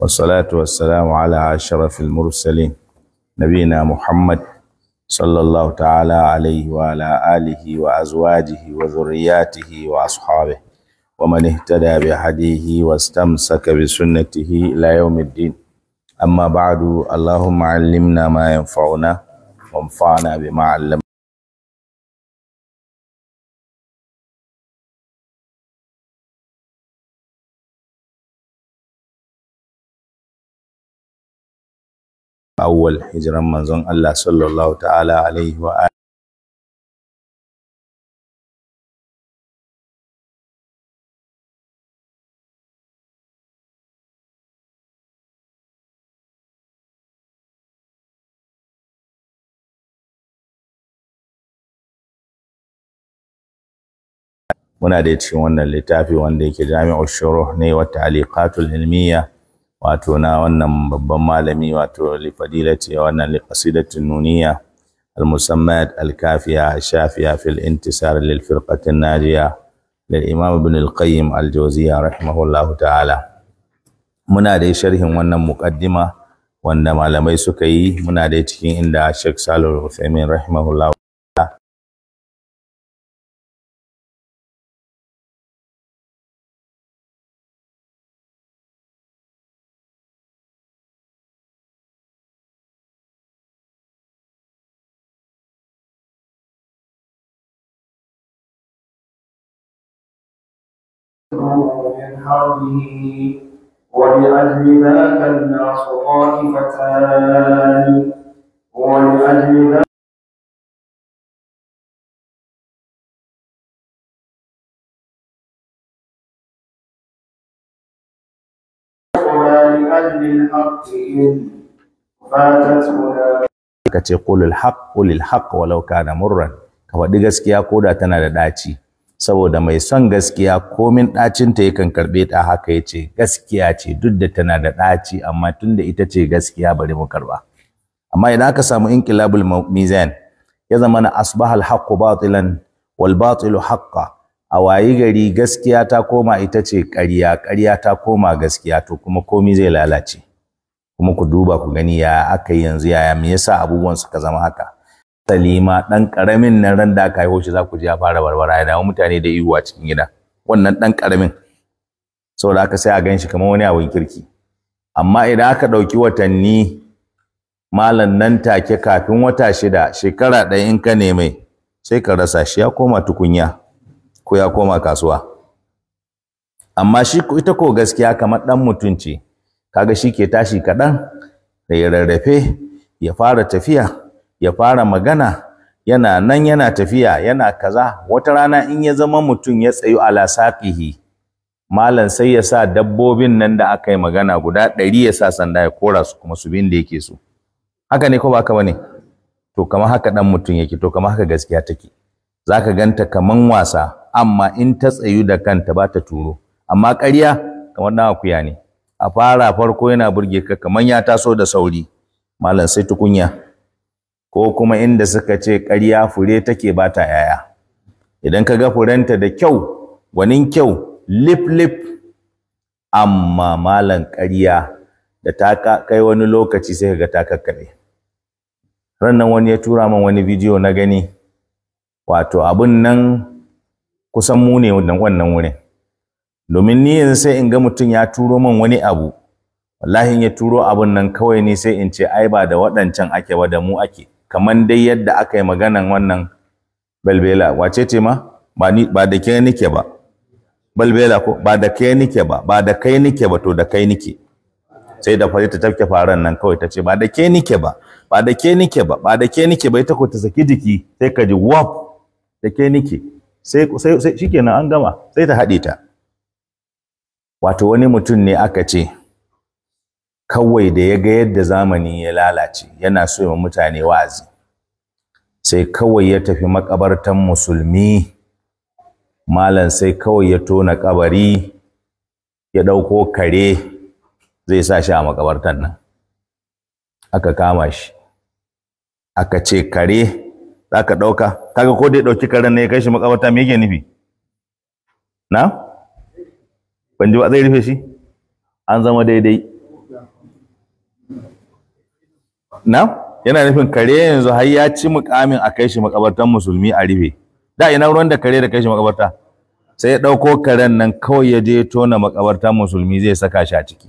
والصلاة والسلام على أشرف المرسلين نبينا محمد صلى الله تعالى عليه وعلى آله وأزواجه وذرياته وأصحابه ومن اهتدى بهديه واستمسك بسنته إلى يوم الدين أما بعد اللهم علمنا ما ينفعنا وانفعنا بما علمنا awwal hijiran manzon Allah sallallahu ta'ala alaihi wa muna da cikin wannan littafi wanda yake jami'ul shuruh ne wa ta'liqatul ilmiya wato na wannan babban malami wato lifadila ce wannan lifasida tunaniya al-musammad al-kafiya shafiya fil intisar lil firqatin najiya lil imam ibn al-qayyim al-jawziya rahimahullahu ta'ala muna dai sharhin wannan muqaddima wanda malamai suka yi muna dai cikin inda shek salu al-usaimin rahimahullahu حربه ولأجل ذاك الناس طائفتان ولأجل ذاك ka ce qulul haqq qulil walau kana murran ka faɗi gaskiya koda tana da ɗaci saboda mai son gaskiya komin ɗacinta yakan karɓe ta haka ya ce gaskiya ce duk da tana da ɗaci amma tun da ita ce gaskiya bari mu karɓa amma idan aka samu inqilabul mizan ya zama na asbahal haqqu batilan wal batilu haqqa a wayi gari gaskiya ta koma ita ce ƙarya ƙarya ta koma gaskiya to kuma komi zai lalace kuma ku duba ku gani ya aka yanzu yaya me yasa abubuwan suka zama haka salima dan karamin nan ran da aka haihu shi za ku ji ya fara barbara ya dawo mutane da iwa cikin gida wannan dan karamin saboda aka sai a ganshi kamar wani abin kirki amma idan aka ɗauki watanni malam nan take kafin wata shida shekara ɗaya in ka neme sai ka rasa shi ya koma tukunya ko ya koma kasuwa amma shi ita ko gaskiya kamar ɗan mutunci kaga shi ke tashi kaɗan da ya rarrafe ya fara tafiya ya fara magana yana nan yana tafiya yana kaza wata rana in ya zama mutum ya tsayu ala saqihi malam sai ya sa dabbobin nan da aka yi magana guda ɗari ya sa sanda ya kora su kuma su bin da yake so haka ne ko ba haka bane to kamar haka dan mutum yake to kamar haka gaskiya take zaka ganta kaman wasa amma in ta tsayu da kanta ba ta turo amma ƙarya kamar dan akuya ne a fara farko yana burge ka kaman ya taso da sauri malam sai tukunya ko kuma inda suka ce ƙarya fure take ba ta yaya idan ka ga furenta da kyau gwanin kyau lip lip amma malan ƙarya da ta kai wani lokaci sai ga ta kakkare rannan wani ya tura min wani bidiyo na gani wato abin nan kusan mu ne wannan wurin domin ni yanzu sai in ga mutum ya turo min wani abu wallahi ya turo abin nan kawai ne sai in ce ai ba da waɗancan ake ba da mu ake kaman dai yadda aka yi maganan wannan balbela wace ce ma ba ni ba da ke nike ba balbela ko ba da kai nike ba ba da kai nike ba to da kai nike sai da fari ta tafke faran nan kawai ta ce ba da ke nike ba ba da ke nike ba ba da ke nike ba ita ko ta saki jiki sai ka ji wap da ke nike sai sai shikenan an gama sai ta hade ta wato wani mutum ne aka ce kawai da ya ga yadda zamani ya lalace yana so ya mutane wa'azi sai kawai ya tafi makabartan musulmi malam sai kawai ya tona kabari ya ɗauko kare zai sa shi a makabartan nan aka kama shi aka ce kare za ka ɗauka kaga ko dai ɗauki karen ne ya kai shi makabarta me yake nufi na ban ji ba zai rufe shi an zama daidai na yana nufin kare yanzu har ya ci mukamin a kai shi makabartan musulmi a rufe. da ina ruwan da kare da kai shi makabarta sai ya ɗauko karen nan kawai ya je tona makabartan musulmi zai saka shi a ciki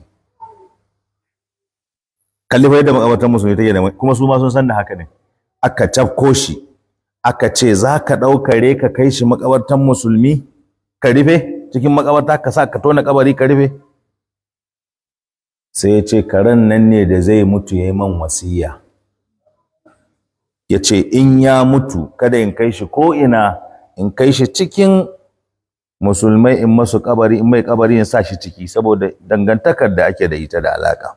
kalli yadda makabartan musulmi take da kuma su ma sun san da haka ne aka cafko shi aka ce za ka ɗau ka kai shi makabartan musulmi ka rufe cikin makabarta ka sa ka tona kabari ka rufe sai ya ce karen nan ne da zai mutu ya yi man wasiya ya ce in ya mutu kada in kai shi ko'ina, in kai shi cikin musulmai in masu kabari in mai kabari in sa shi ciki saboda dangantakar da ake da ita da alaka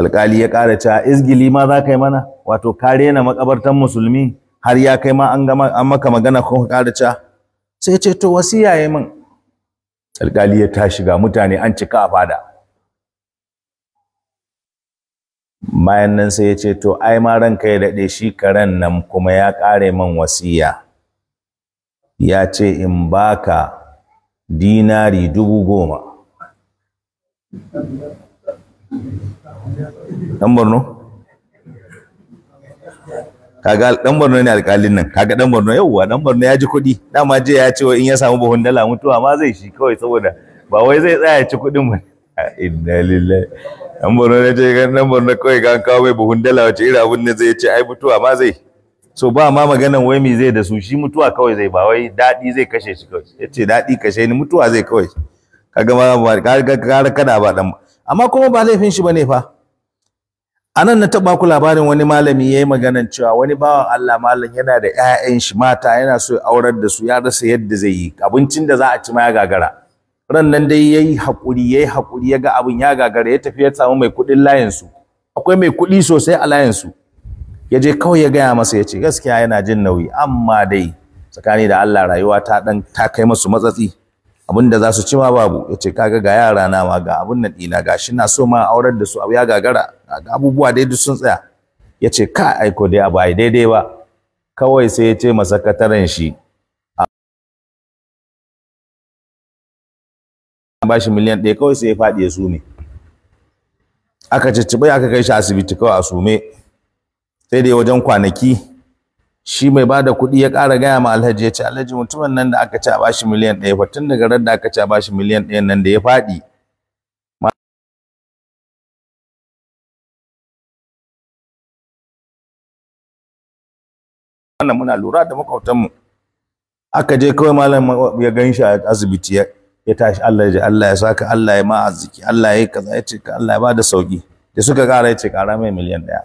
alkali ya ƙara cewa izgili ma za ka yi mana wato ka rena makabartan musulmi har ya kai ma an maka magana kuma ƙara cewa sai ce to wasiya yi min alkali ya tashi ga mutane an cika a fada bayan nan sai ya ce to ai ma ranka ya daɗe shi karen nan kuma ya ƙare man wasiya ya ce in baka dinari dubu goma ɗan borno kaga dan Borno ne alƙalin nan kaga dan Borno yauwa dan Borno ya ji kuɗi dama je ya ce in ya samu buhun dala mutuwa ma zai shi kawai saboda ba wai zai tsaya ci kuɗin ba inna lillahi yan borno ne ce kan nan borno kawai kan kawo mai buhun dala wace irin abin da zai ce ai mutuwa ma zai so ba ma maganan wai mi zai da su shi mutuwa kawai zai ba wai daɗi zai kashe shi kawai ya ce daɗi kashe ni mutuwa zai kawai kaga ma kare kana ba dan amma kuma ba laifin shi bane fa a nan na taɓa ku labarin wani malami ya yi maganan cewa wani bawan Allah malam yana da 'ya'yan shi mata yana so ya aurar da su ya rasa yadda zai yi abincin da za a ci ma ya gagara ran nan dai yayi hakuri yayi hakuri ya ga abun ya gagara ya tafi ya samu mai kudin layin su akwai mai kuɗi sosai a layin su ya je kawai ya gaya masa ya ce gaskiya yana jin nauyi amma dai tsakani da Allah rayuwa ta dan ta kai masu matsatsi abin da za su ci ma babu ya ce kaga ga yara na ma ga abin nan dina ga na so ma aurar da su abu ya gagara ga abubuwa dai duk sun tsaya ya ce ka aiko dai a baya daidai ba kawai sai ya ce ma sakataren shi bashi miliyan ɗaya kawai sai ya faɗi ya sume aka cicciɓe aka kai shi asibiti kawai a sume sai dai wajen kwanaki shi mai ba da kuɗi ya ƙara gaya ma alhaji ya ce alhaji mutumin nan da aka ci a bashi miliyan ɗaya fa tun daga ran da aka ci a bashi miliyan ɗaya nan da ya faɗi wannan muna lura da makwabtanmu aka je kawai malam ya gan shi a asibiti ya tashi Allah ya ji Allah ya saka Allah ya ma arziki Allah ya kaza ya ce ka Allah ya bada sauki da suka kara ya ce kara mai miliyan daya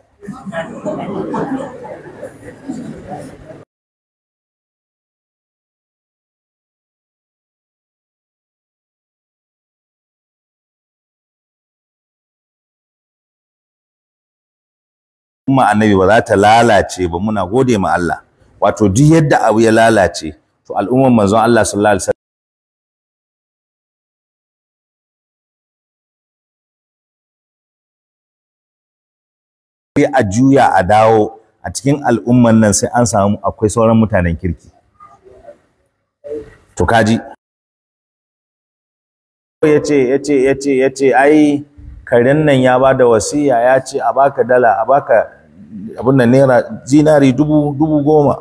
umma annabi ba za ta lalace ba muna gode ma Allah wato duk yadda abu ya lalace to al'umman manzon Allah sallallahu alaihi sai a juya a dawo a cikin al'umman nan sai an samu akwai sauran mutanen kirki to kaji ya ce ya ce ya ce ya ce ai karen nan ya ba da wasiya ya ce a baka dala a baka abin da naira zinari dubu dubu goma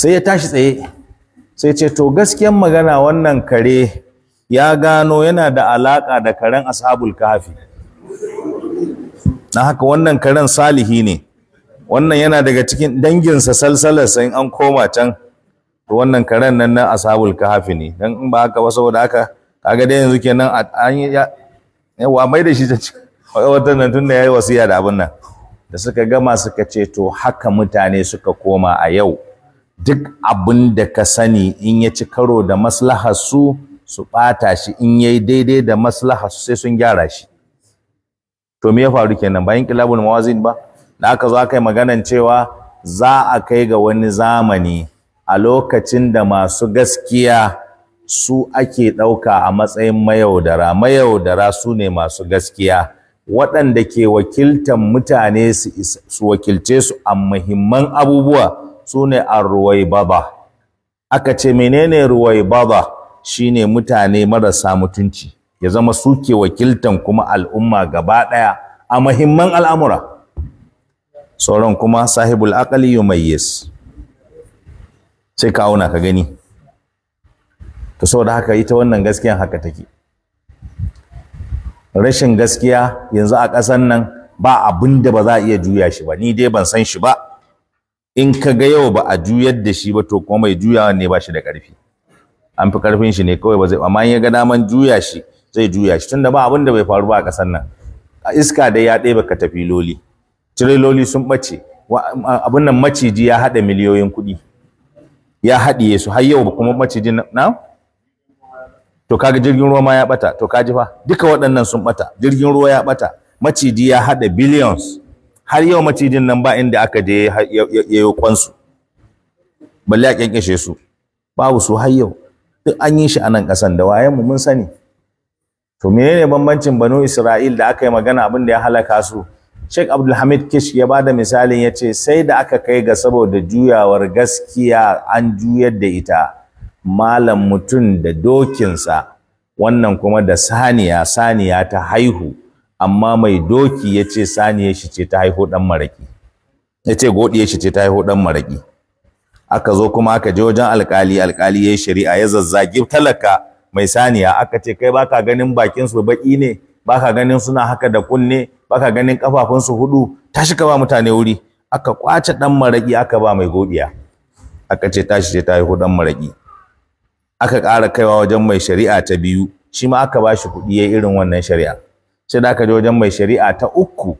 sai ya tashi tsaye sai ce to gaskiyan magana wannan kare ya gano yana da alaƙa da karen ashabul kafi na haka wannan karen salihi ne wannan yana daga cikin danginsa salsalarsa in an koma can to wannan karen nan na asabul kahafi ne dan in ba haka ba saboda haka kaga dai yanzu kenan an ya, yawa mai da shi ta wata nan tun da yayi wasiya da abin nan da suka gama suka ce to haka mutane suka koma a yau duk abin da ka sani in ya ci karo da maslahar su su ɓata shi in yayi daidai da maslahar su sai sun gyara shi to me ya faru kenan bayan kilabul mawazin ba da aka zo aka yi maganan cewa za a kai ga wani zamani a lokacin da masu gaskiya su ake ɗauka a matsayin mayaudara mayaudara su ne masu gaskiya waɗanda ke wakiltan mutane su wakilce su a muhimman abubuwa su ne baba aka ce menene ruwaibaba shine mutane marasa mutunci ya zama suke wakiltan kuma al'umma gaba ɗaya a mahimman al'amura sauran kuma sahibul aqali yumayyiz sai kawuna ka gani to saboda haka ita wannan gaskiyan haka take rashin gaskiya yanzu a ƙasan nan ba abin da ba za a iya juya shi ba ni dai ban san shi ba in ka ga yau ba a juyar da shi ba to kuma mai juyawa ne ba shi da ƙarfi an fi ƙarfin shi ne kawai ba zai amma in ya ga daman juya shi zai juya shi tunda ba abin da bai faru ba a ƙasar nan a iska dai ya ɗebe ka tafi loli tiriloli sun ɓace abin nan maciji ya haɗa miliyoyin kuɗi ya haɗiye su har yau kuma maciji na to kaga jirgin ruwa ma ya ɓata to kaji fa duka waɗannan sun ɓata jirgin ruwa ya ɓata maciji ya haɗa billions har yau macijin nan ba inda aka je ya yi kwansu balle a kyankyashe su babu su har yau duk an yi shi a nan ƙasan da wayanmu mun sani to menene bambancin banu isra'il da aka yi magana abin da ya halaka su Sheikh Abdulhamid Kish ya ba da misalin ya ce sai da aka kai ga saboda juyawar gaskiya an juyar da ita malam mutum da dokinsa wannan kuma da saniya saniya ta haihu amma mai doki ya ce saniya shi ce ta haihu dan maraki ya ce godiya shi ce ta haihu dan maraki aka zo kuma aka je wajen alkali alkali ya yi shari'a ya zazzagi talaka mai saniya aka ce kai baka ganin bakin su baki ne baka ganin suna haka da kunne baka ganin kafafun su hudu tashi ka ba mutane wuri aka kwace dan maraki aka ba mai godiya. aka ce tashi ce ta haihu maraki aka ƙara kaiwa wajen mai shari'a ta biyu shi ma aka bashi shi kuɗi irin wannan shari'a sai da aka je wajen mai shari'a ta uku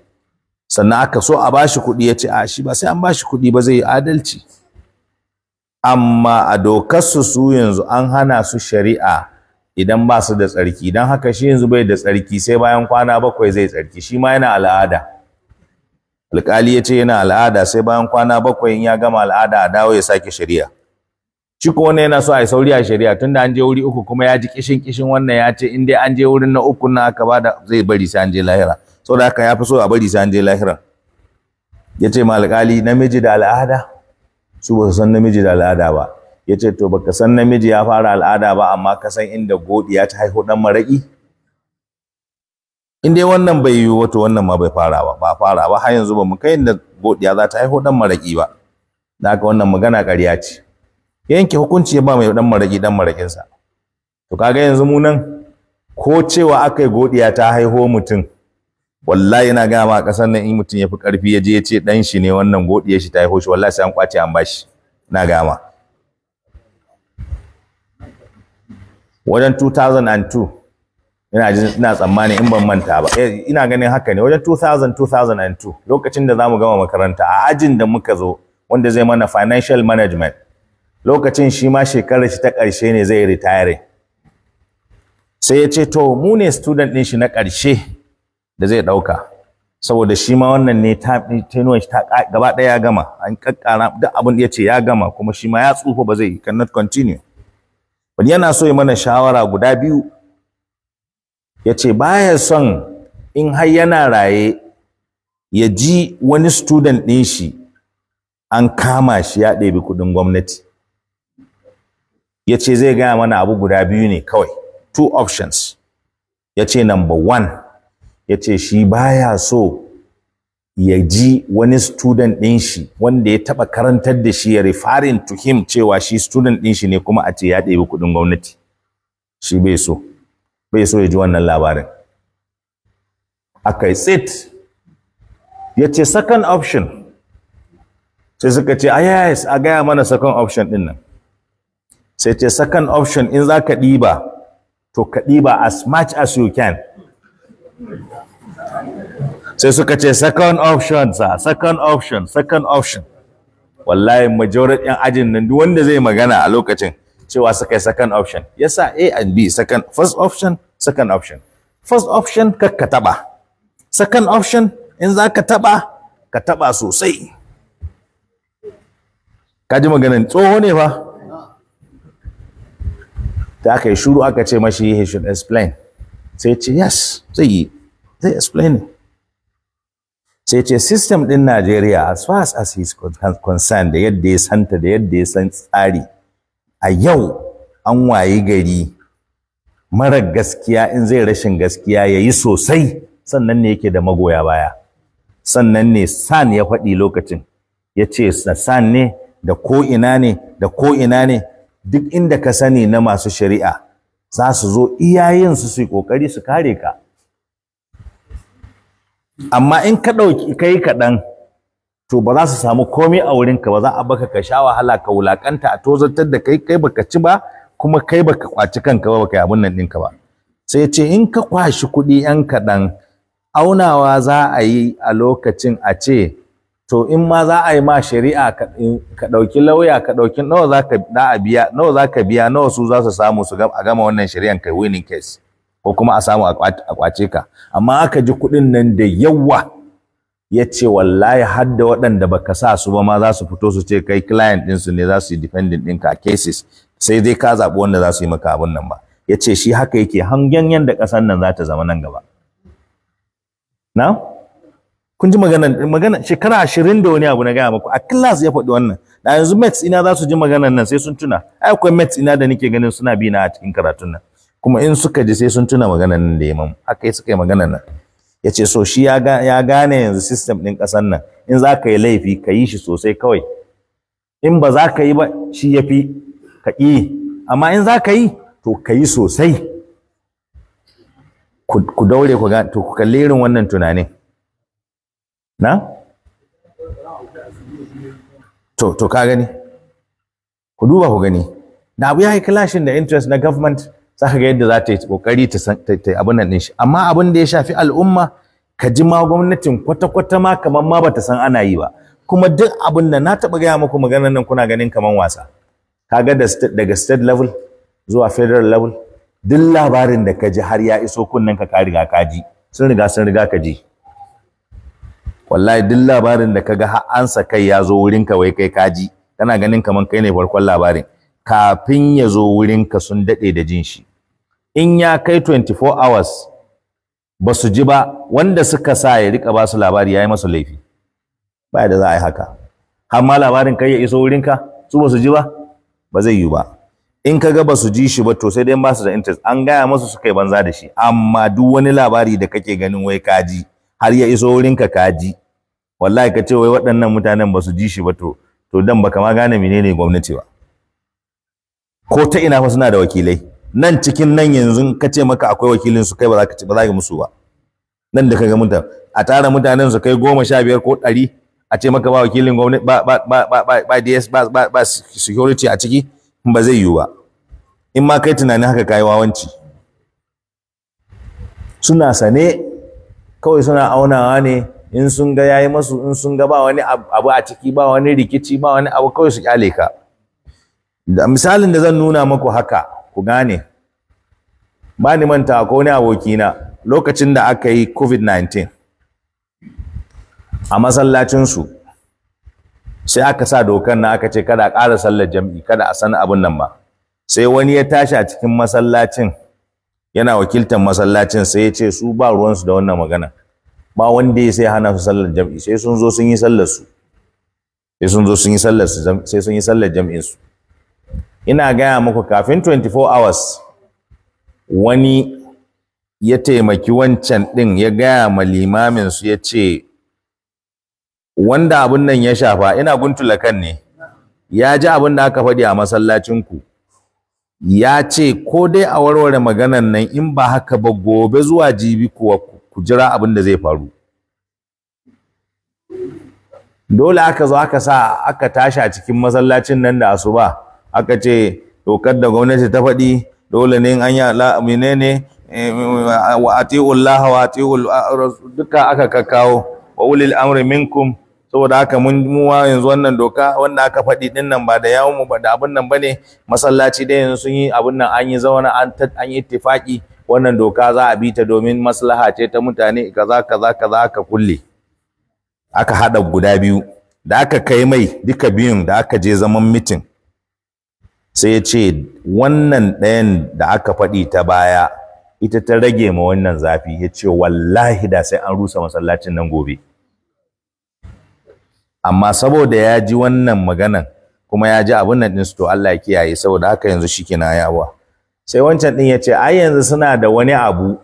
sannan aka so a bashi kuɗi ya ce a shi ba sai an bashi kuɗi ba zai yi adalci amma a dokar su su yanzu an hana su shari'a idan ba su da tsarki don haka shi yanzu bai da tsarki sai bayan kwana bakwai zai tsarki shi ma yana al'ada alƙali ya ce yana al'ada sai bayan kwana bakwai in ya gama al'ada a dawo ya sake shari'a shi ko wani yana so a yi sauri a shari'a tun da an je wuri uku kuma ya ji kishin kishin wannan ya ce in dai an je wurin na uku na aka da zai bari sai an je lahira saboda haka ya fi so a bari sai an je lahira ya ce ma alƙali namiji da al'ada su ba su san namiji da al'ada ba ya ce to baka san namiji ya fara al'ada ba amma ka san inda godiya ta haihu dan maraƙi in dai wannan bai yi wato wannan ma bai fara ba ba fara ba har yanzu ba mu kai inda godiya za ta haihu dan maraƙi ba da haka wannan magana ƙarya ce yanke hukunci ba mai dan maraƙi dan maraƙinsa to kaga yanzu mu nan ko cewa akai godiya ta haihu mutum wallahi ina ga ma kasan nan in mutum ya fi ƙarfi ya je ya ce dan shi ne wannan godiya shi ta haihu shi wallahi sai an kwace an bashi na gama. wajen 2002 ina ina tsammani in ban manta ba eh, ina ganin haka ne wajen 2000 2002 lokacin da zamu gama makaranta a ajin da muka zo wanda zai mana financial management lokacin shi ma shekarar shi ta ƙarshe ne zai retire sai ya ce to mu ne student ɗin shi na ƙarshe da zai ɗauka saboda shi ma wannan ne ta tenuwan shi ta gaba ɗaya gama an kakkara duk abin da ya ce ya gama kuma shi ma ya tsufa ba zai cannot continue wani yana so ya mana shawara guda biyu ya ce baya son in har yana raye ya ji wani student ɗin shi an kama shi ya ɗebi kuɗin gwamnati ya ce zai gaya mana abu guda biyu ne kawai two options ya ce number one ya ce shi baya so ya ji wani student ɗin shi wanda ya taɓa karantar da shi ya referring to him cewa shi student ɗin shi ne kuma a ce ya ɗebi kuɗin gwamnati shi bai so bai so ya ji wannan labarin aka yi tsit ya ce second option sai suka ce a ah, yes a gaya mana second option ɗin nan sai ce second option in za ka ɗiba to ka ɗiba as much as you can sai suka ce second option sa second option second option wallahi majority ɗin ajin nan duk wanda zai magana a lokacin cewa suka yi second option yasa A and B second first option second option first option kar ka taba second option in za ka taba ka taba sosai ka ji maganin tsoho ne fa ta aka yi shuru aka ce mashi he should explain sai ce yes zai yi zai explain sai ce system din Najeriya as far as as he's concerned da yadda ya santa da yadda ya san tsari a yau an wayi gari mara gaskiya in zai rashin gaskiya ya yi sosai sannan ne yake da magoya baya sannan ne san ya faɗi lokacin ya ce san ne da ko ina ne da ko ina ne duk inda ka sani na masu shari'a za su zo iyayensu su yi ƙoƙari su kare ka amma in ka ɗauki kai kaɗan to ba za su samu komai a wurinka ba za a baka ka sha wahala ka wulakanta a tozartar da kai kai baka ci ba kuma kai baka kwaci kanka ba baka yi abin nan ɗinka ba sai ce in ka kwashi kuɗi yan kaɗan aunawa za a yi a lokacin a ce to in ma za a yi ma shari'a ka ɗauki lauya ka ɗauki nawa za ka biya nawa za su za su samu su a gama wannan shari'an kai winning case ko kuma a samu a kwace ka amma aka ji kuɗin nan da yawa ya ce wallahi har da waɗanda baka sa su ba ma za su fito su ce kai client ɗinsu ne za su yi defending ɗinka a cases sai dai ka zaɓi wanda za su yi maka abin nan ba ya ce shi haka yake hangen yanda ƙasar nan za ta zama nan gaba na kun ji maganan magana shekara ashirin da wani abu na gaya maku a class ya faɗi wannan da yanzu mets ina za su ji maganan nan sai sun tuna ai akwai mets ina da nake ganin suna bi na a cikin karatun nan kuma in suka ji sai sun tuna maganan nan da imam haka suka yi maganan nan ya ce so shi ya gane yanzu system ɗin ƙasar nan in za ka yi laifi ka yi shi sosai kawai in ba za ka yi ba shi ya fi ka ƙi amma in za ka yi to ka yi sosai ku daure ku to ku kalli irin wannan tunanin na to to ka gani ku duba ku gani da abu ya yi clashin da interest na government za ka ga yadda za ta yi kokari ta abin nan din shi amma abin da ya shafi al'umma ka ji ma gwamnatin kwata-kwata ma kamar ma bata san ana yi ba kuma duk abin da na taɓa gaya muku maganar nan kuna ganin kamar wasa kaga daga state level zuwa federal level duk labarin da ka ji har ya iso kunnen ka riga ka ji sun riga sun riga ka ji wallahi duk labarin da ka har ha'ansa kai ya zo wurin ka wai kai ka ji kana ganin kamar kai ne farkon labarin kafin ya zo wurinka sun daɗe da jin shi in ya kai 24 hours ba su ji ba wanda suka sa ya rika ba su labari ya yi masa laifi ba da za a yi haka har labarin kai ya iso wurinka su ba su ji ba ba zai yi ba in ka ga ba su ji shi ba to sai dai ba su da interest an gaya masu suka yi banza da shi amma duk wani labari da kake ganin wai ka ji har ya iso wurinka ka ji wallahi ka ce wai waɗannan mutanen ba su ji shi ba to to dan baka ma gane menene gwamnati ba ko ta ina fa suna da wakilai nan cikin nan yanzu ka ce maka akwai wakilin su kai ba za ka ba za ka musu ba nan da ka ga mutan a tara mutanen su kai goma sha biyar ko ɗari a ce maka ba wakilin gwamnati ba ba ba ba ba ba DS ba ba ba security a ciki ba zai yiwu ba in ma kai tunanin haka kai wawanci suna sane kawai suna aunawa ne in sun ga yayi masu in sun ga ba wani abu a ciki ba wani rikici ba wani abu kawai su kyale ka da misalin da zan nuna maku haka ku gane ba ni manta ko wani abokina lokacin da aka yi covid-19 a masallacinsu sai aka sa dokar na aka ce kada a ƙara sallar jam'i kada a san abin nan ba sai wani ya tashi a cikin masallacin yana wakiltar masallacin sai ya ce su ba ruwansu da wannan magana ba wanda ya sai hana su sallar jam'i sai sun zo sun yi sallar su sai sun zo sun yi sallar su sai sun yi sallar jam'in su ina gaya muku kafin 24 hours wani ya taimaki wancan ɗin ya gaya ma limamin su ya ce wanda abin nan ya shafa ina guntula kan ne ya ji abin da aka faɗi a masallacinku ya ce ko dai a warware maganan nan in ba haka ba gobe zuwa jibi kuwa ku jira abin da zai faru dole aka zo aka sa aka tashi a cikin masallacin nan da asuba aka ce dokar da gwamnati ta faɗi dole ne an yi ne. Eh, wa ati'ullah wa ati'ul duka aka kakkawo wa ulil amri minkum saboda haka mun muwa yanzu wannan doka wanda aka faɗi din nan ba da yawon mu ba da abin nan bane masallaci dai yanzu sun yi abin nan an yi zauna an an yi ittifaki wannan doka za a bi ta domin maslaha ce ta mutane kaza kaza kaza aka kulle aka haɗa guda biyu da aka kai mai duka biyun da aka je zaman mitin sai ya ce wannan ɗayan da aka faɗi ta baya ita ta rage ma wannan zafi ya ce wallahi da sai an rusa masallacin nan gobe amma saboda ya ji wannan maganan kuma ya ji abin nan su to Allah ya kiyaye saboda haka yanzu shi ke yawa sai wancan ɗin ya ce ai yanzu suna da wani abu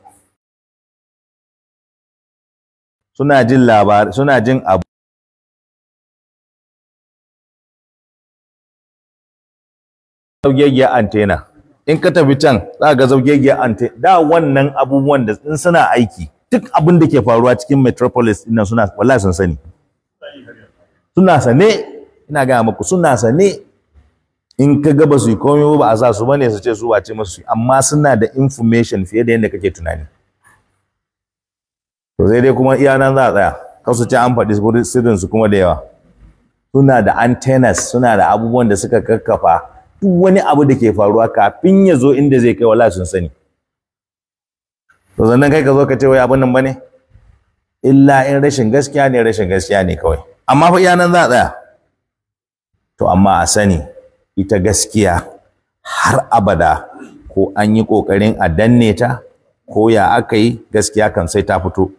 suna jin labar suna jin abu zaugegiyar antena in ka tafi can za ga zaugegiyar antena da wannan abubuwan da in suna aiki duk abin da ke faruwa cikin metropolis dinnan suna wallahi sun sani suna sane ina gaya muku suna sane in ka ga ba su yi komai ba a sa su bane su ce su wace musu amma suna da information fiye da yadda kake tunani to sai dai kuma iya nan za a tsaya kar su ce an faɗi sirrin su kuma da yawa suna da antennas suna da abubuwan da suka kakkafa duk wani abu da ke faruwa kafin ya zo inda zai kai wala sun sani to zan kai ka zo ka ce wai abin nan bane illa in rashin gaskiya ne rashin gaskiya ne kawai amma fa iya nan za a tsaya to amma a sani ita gaskiya har abada ko an yi ƙoƙarin a danne ta ko ya aka yi gaskiya kan sai ta fito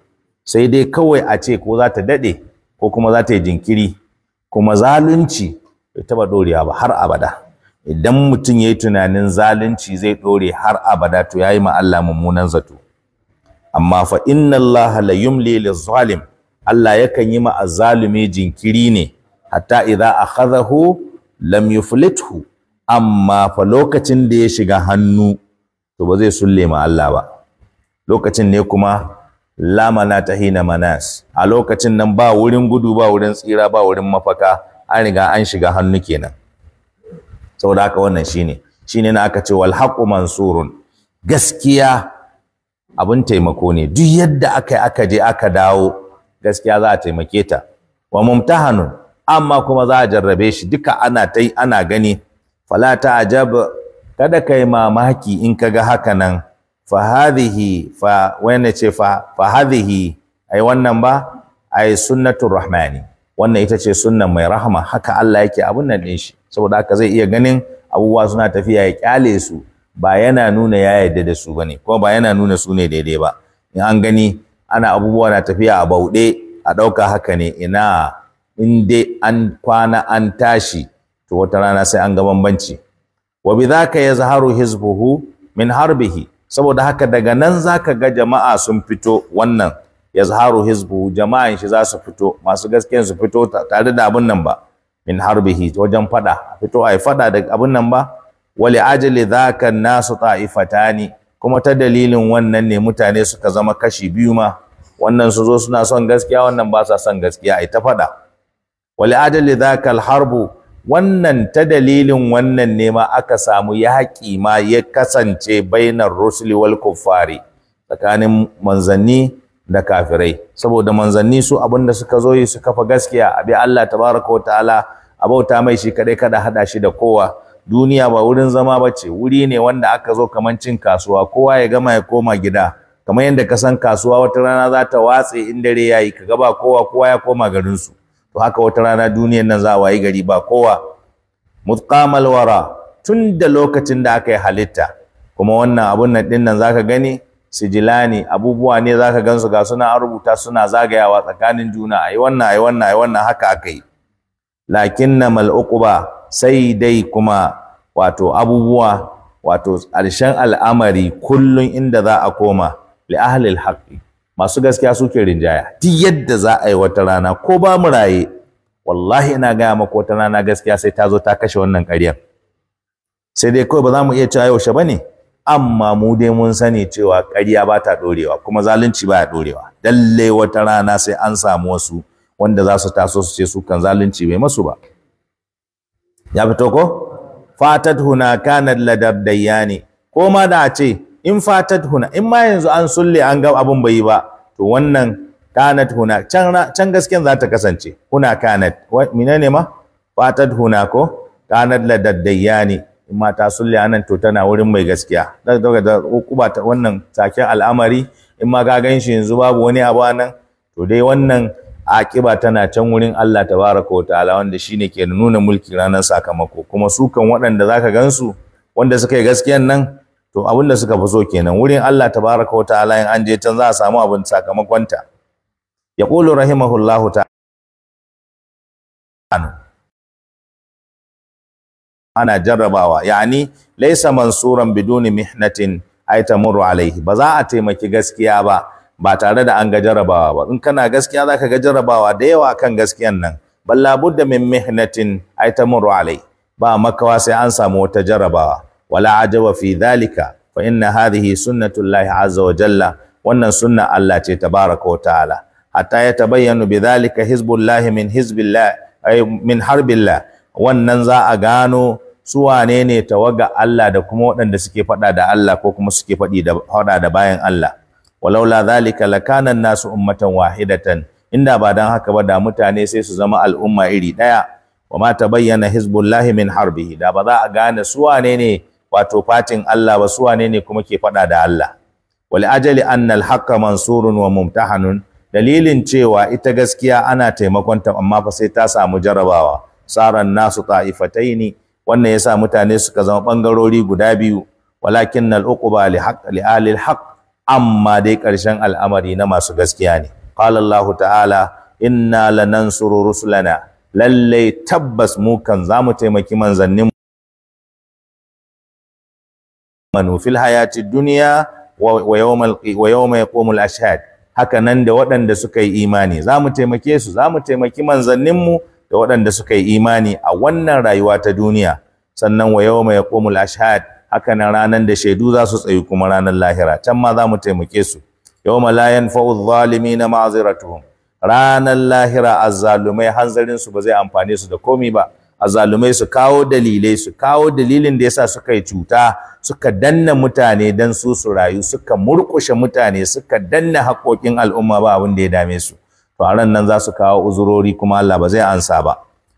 sai dai kawai a ce ko za ta daɗe ko kuma za ta yi jinkiri kuma zalunci bai taɓa ɗorewa ba har abada idan mutum ya yi tunanin zalunci zai ɗore har abada to ya yi ma Allah mummunan zato amma fa inna Allah la yumli zalim Allah yakan yi ma azzalumi jinkiri ne hatta idza hu lam yuflithu amma fa lokacin da ya shiga hannu to ba zai sulle ma Allah ba lokacin ne kuma lamana ta hina manas a lokacin nan ba wurin gudu ba wurin tsira ba wurin mafaka an riga an shiga hannu kenan saboda haka wannan shine shine na aka ce wal haqu mansurun gaskiya Abun taimako ne duk yadda aka aka je aka dawo gaskiya za a taimake ta wa mumtahanun amma kuma za a jarrabe shi duka ana tai ana gani fala ta'jab kada ka yi mamaki in ka ga haka nan fa hadhihi fa wayne ce fa fa hadhihi ai wannan ba ai sunnatur rahmani wannan ita ce sunnan mai rahama haka Allah yake abun nan din shi saboda haka zai iya ganin abubuwa suna tafiya ya kyale su ba yana nuna ya yarda da su bane kuma ba yana nuna su ne daidai ba in an gani ana abubuwa na tafiya a bauɗe a ɗauka haka ne ina in dai an kwana an tashi to wata rana sai an ga bambanci wa ya yazharu hizbuhu min harbihi saboda haka daga nan zaka ga jama'a sun fito wannan zaharu hizbu jama'an shi za su fito masu gaskiyan su fito tare da abun nan ba min harbihi wajen fada fito ai fada da abun nan ba wali ajali dhaka nasu ta'ifatani kuma ta dalilin wannan ne mutane suka zama kashi biyu ma wannan su zo suna son gaskiya wannan ba sa son gaskiya ai ta fada wali ajali dhaka alharbu wannan ta dalilin wannan ne ma aka samu yaƙi ma ya kasance bainar rusuli wal kuffari tsakanin manzanni da kafirai saboda manzanni su abinda suka zo yi su kafa gaskiya abi Allah tabaraka wataala a bauta mai shi kadai kada hada shi da kowa duniya ba wurin zama ba ce. wuri ne wanda aka zo kaman cin kasuwa kowa ya gama ya koma gida kamar yadda ka san kasuwa wata rana za ta watse in dare yayi kaga ba kowa kowa ya koma garin su to haka wata rana duniyar nan za wayi gari ba kowa mutqamal wara tun da lokacin da aka yi halitta kuma wannan abun nan din nan zaka gani sijilani abubuwa ne zaka gansu ga suna an rubuta suna zagayawa tsakanin juna yi wannan yi wannan yi wannan haka akai lakin na uquba sai dai kuma wato abubuwa wato alshen al'amari kullun inda za a koma li ahlil haqqi masu gaskiya suke rinjaya duk yadda za a yi wata rana ko ba mu raye wallahi ina gaya maka wata rana gaskiya sai ta zo ta kashe wannan ƙaryar sai dai kawai ba za mu iya cewa yaushe ba ne amma mu dai mun sani cewa ƙarya ba ta ɗorewa kuma zalunci ba ya ɗorewa lalle wata rana sai an samu wasu wanda za su taso su ce su kan zalunci bai masu ba ya fito ko fatat huna kanat ladab dayyani ko ma da a ce in fatat huna in ma yanzu an sulle an ga abun bai ba to wannan kanat huna can can gasken za ta kasance huna kanat menene ma fatat huna ko kanat ladab ne. in mata sun nan to tana wurin mai gaskiya da daga da kuba ta wannan taken al'amari in ma ka ganshi yanzu babu wani abu nan to dai wannan akiba tana can wurin Allah tabaraka wa ta'ala wanda shine ke nuna mulki ranar sakamako kuma su kan waɗanda zaka gansu wanda suka yi gaskiyan nan to abin da suka fi so kenan wurin Allah tabaraka wa ta'ala in an je can za a samu abin sakamakonta yaqulu rahimahullahu ta'ala ana jarrabawa yani laisa mansuran biduni mihnatin ay tamurru alaihi ba za a taimaki gaskiya ba ba tare da an ga jarrabawa ba in kana gaskiya zaka ga jarrabawa da yawa kan gaskiyan nan balla labudda min mihnatin ay tamurru alaihi ba makawa sai an samu wata jarrabawa wala ajaba fi dhalika fa inna hadhihi sunnatullahi azza wa jalla wannan sunna Allah ce tabaraka wa ta'ala hatta ya ta hizbullahi min hizbillah ay min harbillah wannan za a gano su wane ne tawaga Allah da kuma waɗanda suke faɗa da Allah ko kuma suke faɗi da faɗa da bayan Allah walaula zalika lakana nasu ummatan wahidatan inda ba dan haka ba da mutane sai su zama al'umma iri ɗaya wa ma tabayyana Hezbollah min harbihi da ba za a gane su wane ne wato fatin Allah ba su wane ne kuma ke faɗa da Allah wal ajali anna al haqqa mansurun wa mumtahanun dalilin cewa ita gaskiya ana taimakonta amma fa sai ta samu jarabawa saran nasu ta'ifataini wannan yasa mutane suka zama bangarori guda biyu walakin nal uquba li haqq li ahli haqq amma dai karshen al'amari na masu gaskiya ne qala Allah ta'ala inna lanansuru rusulana lalle tabbas mu kan zamu taimaki manzannin manu fil hayati dunya wa yawmal wa yawma yaqumul ashhad haka nan da waɗanda suka yi imani zamu taimake su zamu taimaki manzanninmu mu da waɗanda suka yi imani a wannan rayuwa ta duniya sannan wa mai yaqumul ashhad haka na ranar da shaidu za su tsayi kuma ranar lahira can ma za mu taimake su yawma layan yanfa'u zalimi na ma'ziratuhum ranar lahira azzalumai hanzarin su ba zai amfane su da komi ba azzalumai su kawo dalilai su kawo dalilin da yasa suka yi cuta suka danna mutane dan su su rayu suka murkushe mutane suka danna haƙoƙin al'umma ba abin da ya dame su to nan za su kawo uzurori kuma Allah ba zai ansa ba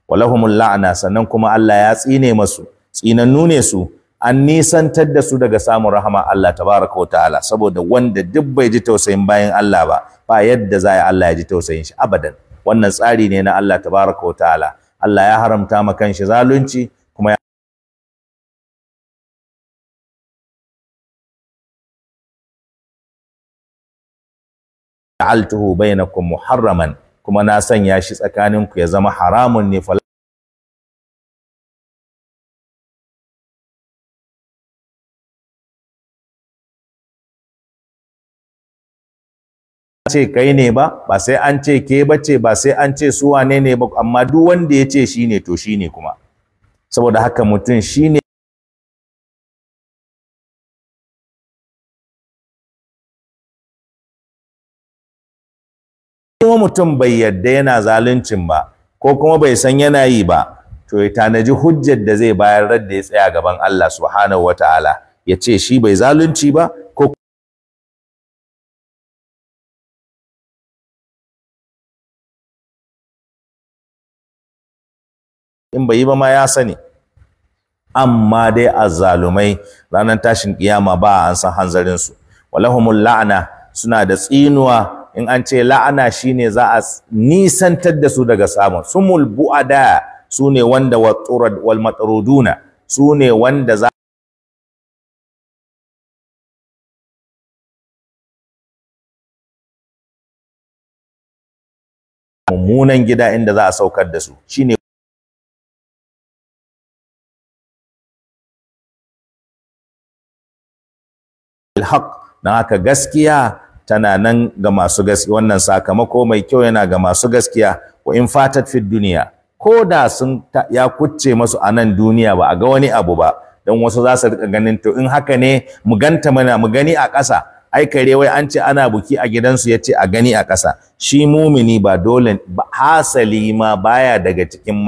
walahumul la'ana sannan kuma Allah ya tsine masu tsinannu ne su an nisantar da su daga samun rahama Allah tabaraka wa ta'ala saboda wanda duk bai ji tausayin bayan Allah ba ba yadda za Allah ya ji tausayin shi abadan wannan tsari ne na Allah tabaraka wa ta'ala Allah ya haramta ma shi zalunci ja'altuhu bainakum muharraman kuma na sanya shi tsakaninku ya zama haramun ne ce kai ne ba ba sai an ce ke bace ba sai an ce su wane ne ba amma duk wanda ya ce shine to shine kuma saboda haka mutum shine kuma mutum bai yadda yana zaluncin ba ko kuma bai san yana yi ba to ya tanaji hujjar da zai bayar da ya tsaya gaban Allah subhanahu wataala ya ce shi bai zalunci ba ko in bai yi ba ma ya sani amma dai azzalumai ranar tashin kiyama ba an san hanzarinsu walahumul la'ana suna da tsinuwa in an ce la'ana shine za a nisantar da su daga samun sumul bu'ada su ne wanda wal matruduna su ne wanda za mummunan gida inda za a saukar da su shine alhaq na haka gaskiya tana nan ga masu gaskiya wannan sakamako mai kyau yana ga masu gaskiya wa in fatat fid duniya ko da sun ya kucce masu a nan duniya ba a ga wani abu ba don wasu za su rika ganin to in haka ne mu ganta mana mu gani a ƙasa ai kare wai an ce ana buki a gidansu ya ce a gani a ƙasa shi mumini ba dole hasali ma baya daga cikin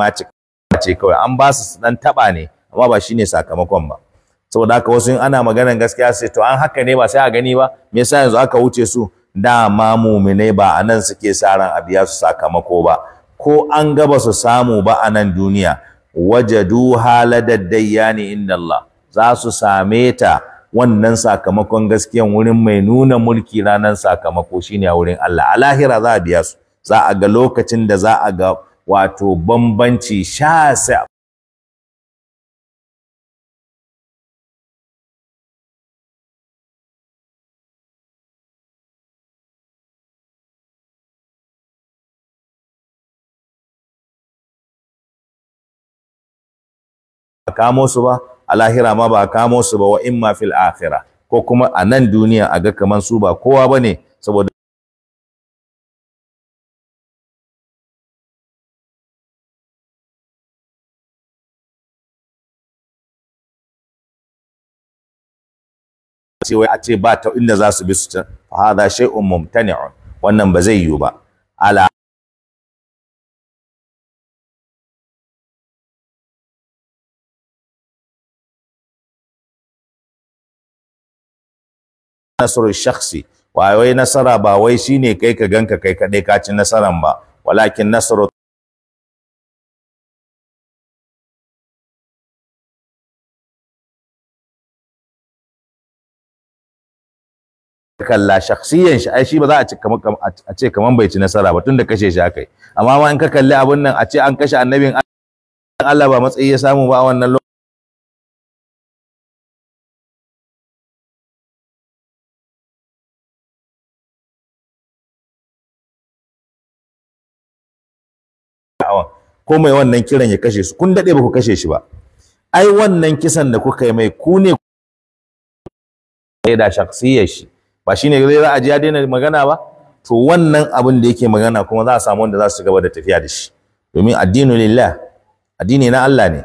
ce kawai an ba su dan taba ne amma ba shine sakamakon ba saboda haka wasu in ana maganan gaskiya sai to an haka ne ba sai a gani ba me yasa yanzu aka wuce su Da dama muminai ba a nan suke sa ran a biya su sakamako ba ko an gaba su samu ba a nan duniya wajadu haladad dayyani inda Allah za su same ta wannan sakamakon gaskiyan wurin mai nuna mulki ranar sakamako shine a wurin Allah a lahira za a biya su za a ga lokacin da za a ga wato bambanci sha kamo su ba a lahira ma ba a kamo su ba wa ma fil akhirah ko kuma a nan duniya a ga kaman su ba kowa bane saboda sai wai a ce ba ta inda za su bi su can fa hadha shay'un mumtani'un wannan ba zai yiwu ba ala nasarar shakhsi wa wai nasara ba wai shine kai ka ganka kai kaɗai ka ci nasaran ba walakin nasaru kalla shakhsiyan shi ai shi ba za a ce kamar a ce kamar bai ci nasara ba tunda kashe shi akai amma ma in ka kalli abun nan a ce an kashe annabin Allah ba matsayi ya samu ba wannan lokacin. ko mai wannan kiran ya kashe su kun dade ba ku kashe shi ba ai wannan kisan da kuka yi mai ku ne da shaksiyar shi ba shine zai za a ji ya daina magana ba to wannan abin da yake magana kuma za a samu wanda za su gaba da tafiya da shi domin addinu lillah addini na Allah ne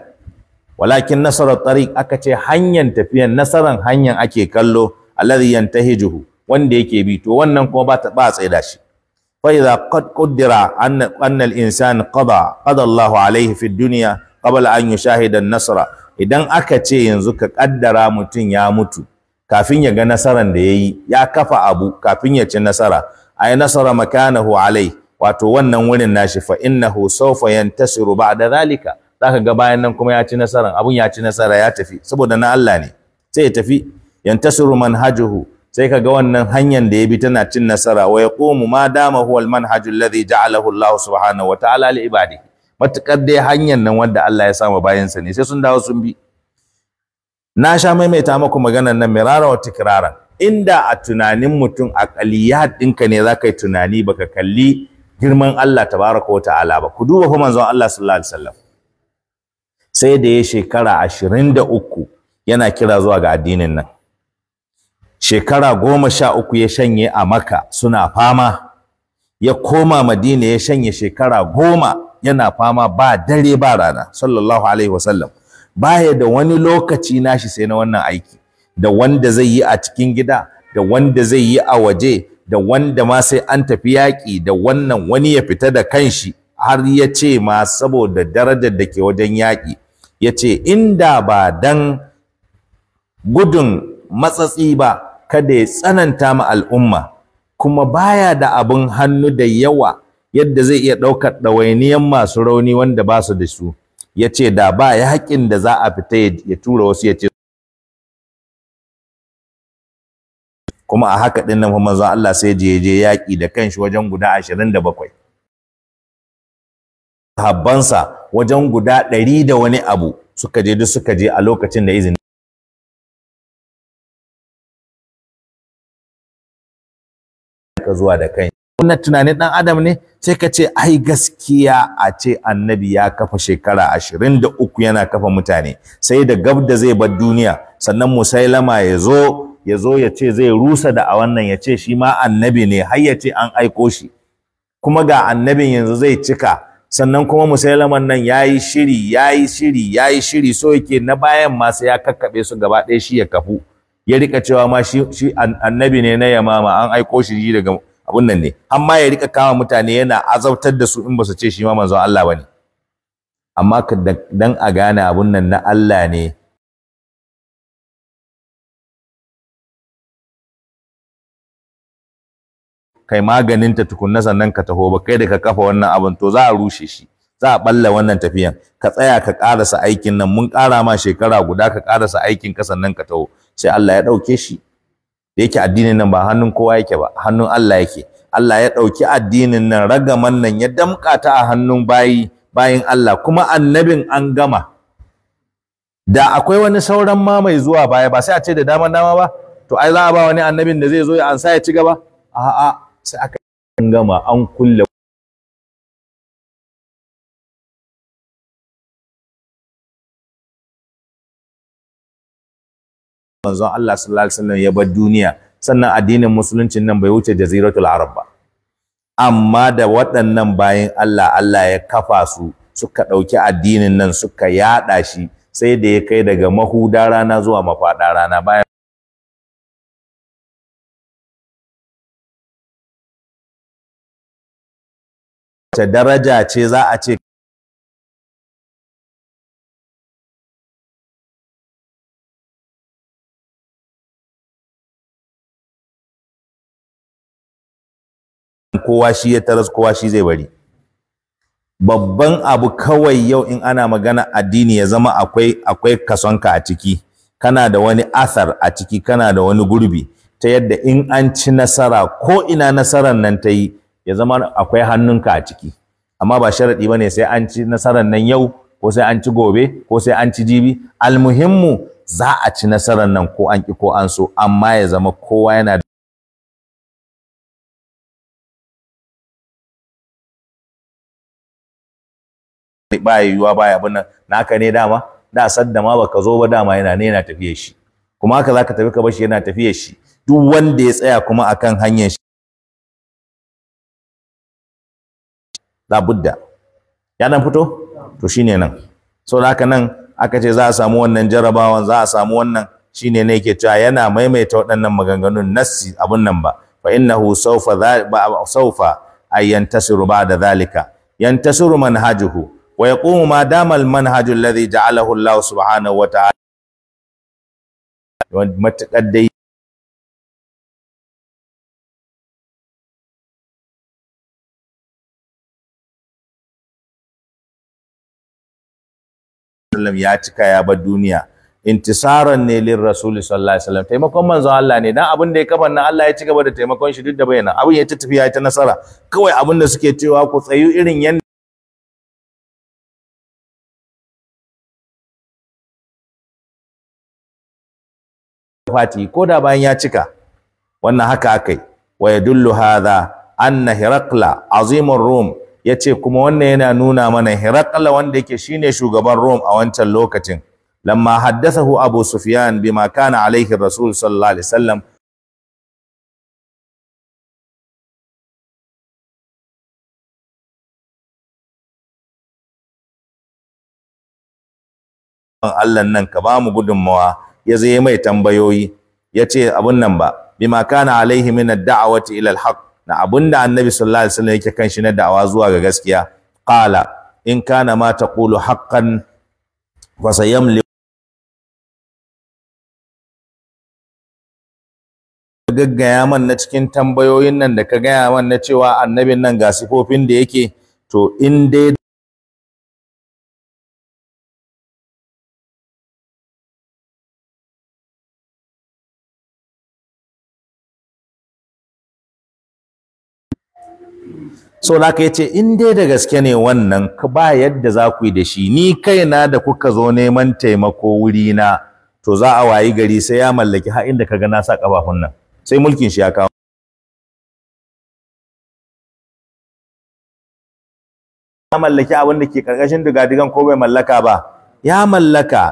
walakin nasarar tariq aka ce hanyar tafiyan nasaran hanyar ake kallo alladhi yantahijuhu wanda yake bi to wannan kuma ba ta ba tsaida shi فإذا قد قدر أن أن الإنسان قضى قضى الله عليه في الدنيا idan aka ce yanzu ka ƙaddara mutum ya mutu kafin ya ga nasaran da ya yi ya kafa abu kafin ya ci nasara ay nasara makanahu alai wato wannan wurin na nashi fa innahu sawfa yantasiru ba'da zalika zaka ga bayan nan kuma ya ci nasaran abun ya ci nasara ya tafi saboda na Allah ne sai ya tafi yantasiru manhajuhu sai ka ga wannan hanyar da ya bi tana cin nasara wa yaqumu ma dama huwa almanhajul ladhi ja'alahu Allah subhanahu wa ta'ala li ibadi matukar dai hanyar nan wanda Allah ya sama sa ne sai sun dawo sun bi na sha maimaita muku maganar nan mirara wa tikrara inda a tunanin mutum a qaliyat ne zaka yi tunani baka kalli girman Allah tabaraka wa ta'ala ba ku duba fa manzon Allah sallallahu alaihi wasallam sai da ya shekara 23 yana kira zuwa ga addinin nan shekara goma sha uku ya shanye a maka suna fama ya koma madina ya shanye shekara goma yana fama ba dare ba rana sallallahu alaihi wasallam baya da wani lokaci nashi sai na wannan aiki da wanda zai yi a cikin gida da wanda zai yi a waje da wanda ma sai an tafi yaƙi da wannan wani ya fita da kanshi har ya ce ma saboda darajar da ke wajen yaƙi ya ce inda ba dan gudun matsatsi ba kada ya tsananta ma al'umma kuma baya da abin hannu da yawa yadda zai iya ɗaukar ɗawainiyan masu rauni wanda ba su da su ya ce da ba ya haƙin da za a fita ya tura wasu ya ce kuma a haka ɗin nan manzon Allah sai je je yaƙi da kanshi wajen guda ashirin da bakwai habbansa wajen guda ɗari da wani abu suka je duk suka je a lokacin da izini ka zuwa da kai wannan tunanin dan adam ne sai ka ce ai gaskiya a ce annabi ya kafa shekara ashirin da uku yana kafa mutane sai da gab da zai bar duniya sannan musailama ya zo ya zo ya ce zai rusa da a wannan ya ce shi ma annabi ne har ya ce an aiko shi kuma ga annabin yanzu zai cika sannan kuma musailaman nan ya yi shiri ya yi shiri ya yi shiri so yake na bayan masu ya kakkaɓe su gaba ɗaya shi ya kafu ya rika cewa ma shi shi annabi ne na yamama an aiko shi ji daga abun nan ne amma ya rika kama mutane yana azabtar da su in ba su ce shi ma manzon Allah bane amma dan a gane abun nan na Allah ne kai maganin ta tukunna sannan ka taho ba kai da ka kafa wannan abun to za a rushe shi za a balla wannan tafiyan ka tsaya ka karasa aikin nan mun kara ma shekara guda ka karasa aikin ka sannan ka taho sai Allah ya ɗauke shi da yake addinin nan ba hannun kowa yake ba hannun Allah yake Allah ya ɗauki addinin nan ragaman nan ya damƙa ta a hannun bayi bayin Allah kuma annabin an gama da akwai wani sauran ma mai zuwa baya ba sai a ce da dama dama ba to ai za a ba wani annabin da zai zo ya ansa ya ci gaba a'a sai aka an gama an kulle manzon Allah sallallahu alaihi wasallam ya bar duniya sannan addinin musuluncin nan bai wuce jaziratul arab ba amma da waɗannan bayan Allah Allah ya kafa su suka ɗauki addinin nan suka yaɗa shi sai da ya kai daga mahuda rana zuwa mafaɗa rana bayan ta daraja ce za a ce kowa shi ya taras kowa shi zai bari babban abu kawai yau in ana magana addini ya zama akwai akwai kasonka a ciki kana da wani athar a ciki kana da wani gurbi ta yadda in an ci nasara ko ina nasarar nan ta yi ya zama akwai hannunka a ciki amma ba sharaɗi ba ne sai an ci nasarar nan yau ko sai an ci gobe ko sai an ci jibi almuhimmu za a ci nasarar nan ko an ki ko an so amma ya zama kowa yana baya yiwuwa baya abin nan naka ne dama da sadda ma baka zo ba dama yana ne yana tafiyar shi kuma haka zaka tafi ka bashi yana tafiyar shi duk wanda ya tsaya kuma akan hanyar shi budda ya nan fito to shine nan so haka nan aka ce za a samu wannan jarabawan za a samu wannan shine ne yake cewa yana maimaita waɗannan maganganun nassi abun nan ba fa innahu sawfa sawfa ayantasiru ba da zalika yantasiru manhajuhu wa yaqumu ma dama al-manhaj alladhi ja'alahu Allah subhanahu wa ya cika ya bar duniya intisaran ne lin rasul sallallahu alaihi wasallam taimakon manzon Allah ne dan abin da ya kafa nan Allah ya ci gaba da taimakon shi duk da bayyana abin ya ta tafiya ta nasara kawai abin da suke cewa ku tsayu irin yan fati ko da bayan ya cika wannan haka akai wa dullu hadha anna hirakla rom ya ce kuma wannan yana nuna mana hirakla wanda yake shine shugaban rom a wancan lokacin lamma haddathahu abu sufyan bima kana alaihi rasul sallallahu alaihi wasallam Allah nan ka ba mu gudunmawa ya zai mai tambayoyi ya ce abun nan ba bima kana alaihi min ad-da'wati ila al-haq na abun da annabi sallallahu alaihi wasallam yake kan shi na da'awa zuwa ga gaskiya qala in kana ma taqulu haqqan fa sayamli gaggaya man na cikin tambayoyin nan da ka gaya man na cewa annabin nan ga sifofin da yake to in dai so da ka yace in dai da gaske ne wannan ba yadda za ku yi da shi ni kaina da kuka zo neman taimako wuri na to za a wayi gari sai ya mallaki ha inda kaga na sa kafafun nan sai mulkin shi ya kawo ya mallaki abin da ke karkashin digadigan ko bai mallaka ba ya mallaka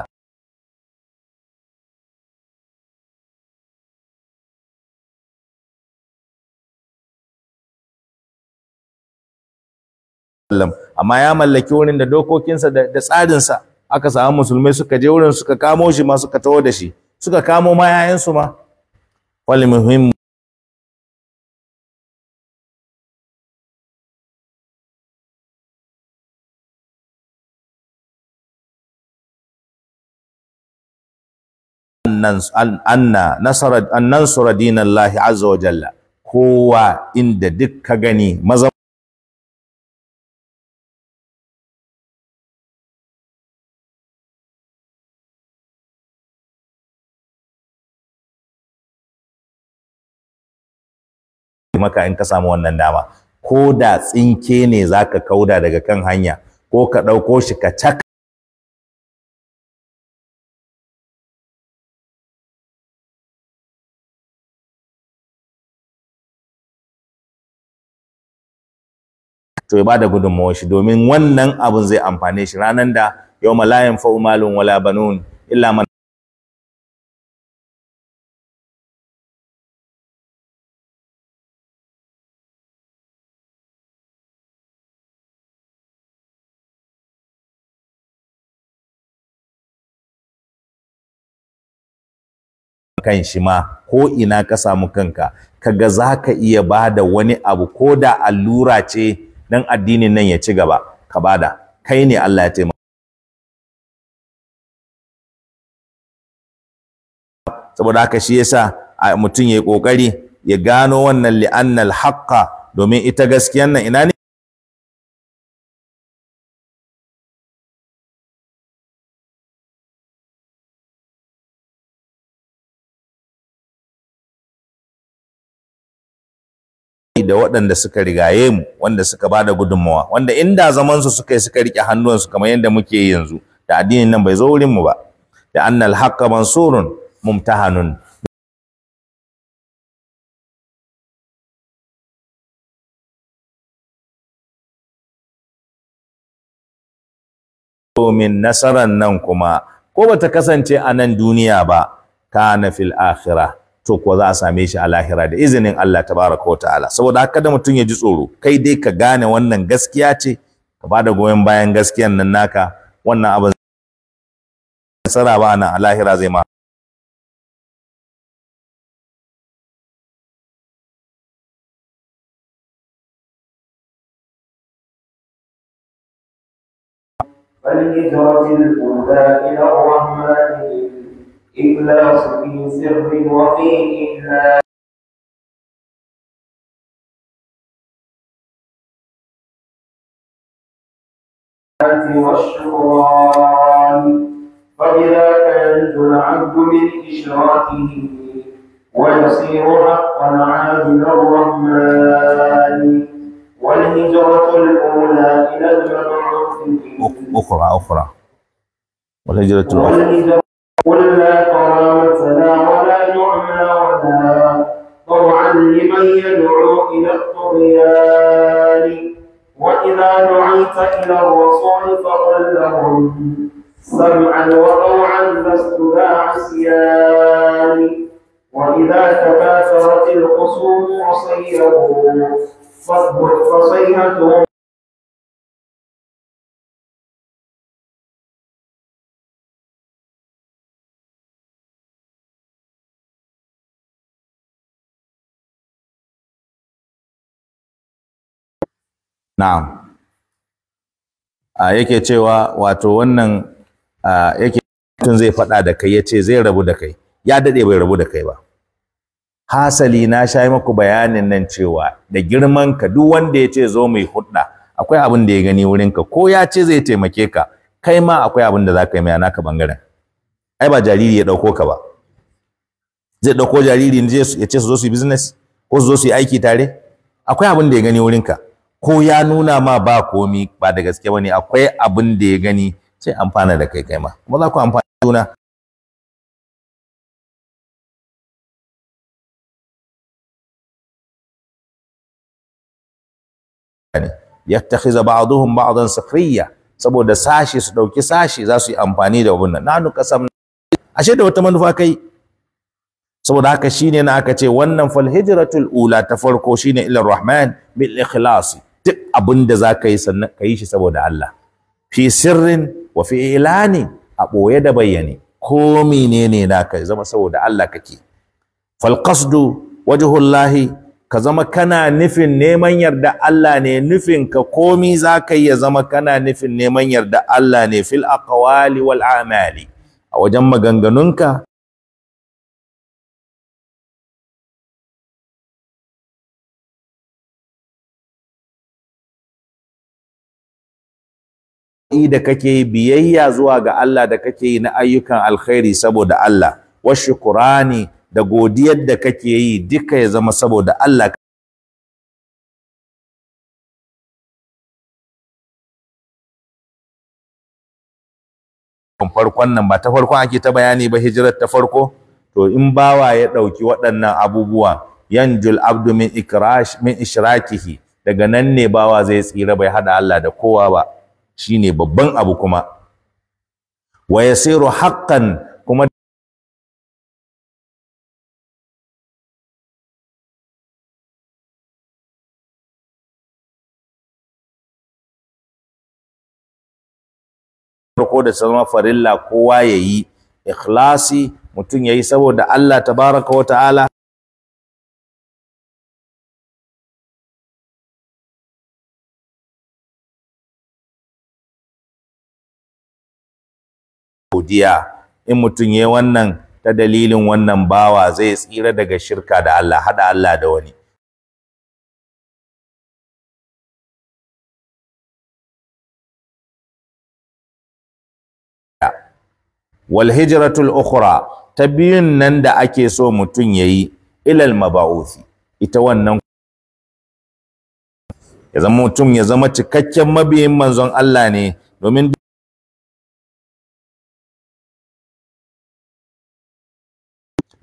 sallam amma ya mallaki wurin da dokokinsa da tsarinsa aka samu musulmai suka je wurin suka kamo shi ma suka taho da shi suka kamo ma yayansu ma wal muhim anna nasara an nansura dinallahi azza wa jalla kowa inda duk ka gani maza maka in ka samu wannan dama ko da tsinke ne zaka kauda daga kan hanya ko ka ɗauko shi ka caka to ya bada gudunmawar shi domin wannan abun zai amfane shi ranan da yau malayan fa'umalun wala banun illa man kan shi ma ko ina ka samu kanka kaga za ka iya ba da wani abu ko da allura ce don addinin nan ya ci gaba ka bada kai ne Allah ya taimaka saboda haka shi yasa mutum ya yi kokari ya gano wannan li'annal haqqa domin ita gaskiyan nan ina ne da waɗanda suka rigaye mu wanda suka ba da gudunmawa wanda inda zamansu suka yi suka rike hannuwansu kamar yadda muke yanzu da addinin nan bai zo wurin mu ba da annal haqqa mansurun mumtahanun min nasaran nan kuma ko bata kasance a nan duniya ba kana fil akhirah to kuwa za a same shi a lahira da izinin Allah Ta tabaraka wa ta'ala saboda haka da mutum ya ji tsoro kai dai ka gane wannan gaskiya ce ka ba da goyon bayan gaskiyan nan naka wannan abin nasara ba nan a lahira zai ma الرحمن إخلاص في سر وفي إهانة والشكران فبذاك كانت العبد من إشراكه ويصير حقا عابد الرحمن والهجرة الأولى إلى المعروف أخرى أخرى والهجرة الأخرى قل لا كرامتنا ولا نعمى ولا طوعا لمن يدعو إلى الطغيان وإذا دعيت إلى الرسول فقل لهم سمعا وطوعا لست ذا وإذا تكاثرت الخصوم وصيروا فاصبر فصيحتهم na'am a yake cewa wato wannan yake mutum zai faɗa da kai ya ce zai rabu da kai ya daɗe bai rabu da kai ba hasali na sha maku bayanin nan cewa da girman ka duk wanda ya ce zo mai hudda akwai abin da ya gani wurin ka ko ya ce zai taimake ka kai ma akwai abin da za ka yi mai naka bangaren ai ba jariri ya dauko ka ba zai dauko jariri ya ce su zo su yi business ko su zo su yi aiki tare akwai abin da ya gani wurin ka ko ya nuna ma ba komi ba da gaske bane akwai abin da ya gani sai amfana da kai kai ma kuma za ku amfana juna yattakhiza ba'dhum ba'dan sakhriya saboda sashi su dauki sashi za su yi amfani da wannan nanu kasam ashe da wata manufa kai saboda haka shine na aka ce wannan fal hijratul ula ta farko shine ila rahman bil ikhlasi duk abin da za ka yi sannan ka yi shi saboda Allah fi sirrin wa fi ilani a ɓoye da bayyane ko ne na ka zama saboda Allah kake fal wajihullahi ka zama kana nufin neman yarda Allah ne nufin ka komi za ka yi zama kana nufin neman yarda Allah ne fil aqwali wal amali a wajen maganganunka da kake yi biyayya zuwa ga Allah da kake yi na ayyukan alkhairi saboda Allah washe ƙur'ani da godiyar da kake yi duka ya zama saboda Allah farkon nan ba ta farkon ake ta bayani ba hijirar ta farko to in bawa ya ɗauki waɗannan abubuwa yanjul abdu min ishirakihi daga nan ne bawa zai tsira bai haɗa Allah da kowa ba shine babban abu kuma wa yasiru haqqan kuma farko da zama farilla kowa yayi ikhlasi mutum yayi saboda Allah tabaraka wa ta'ala godiya in mutum yayi wannan ta dalilin wannan bawa zai tsira daga shirka da Allah hada Allah da wani wal hijratul ukhra ta biyun nan da ake so mutum yayi al maba'uthi ita wannan ya zama mutum ya zama cikakken mabiyin manzon Allah ne domin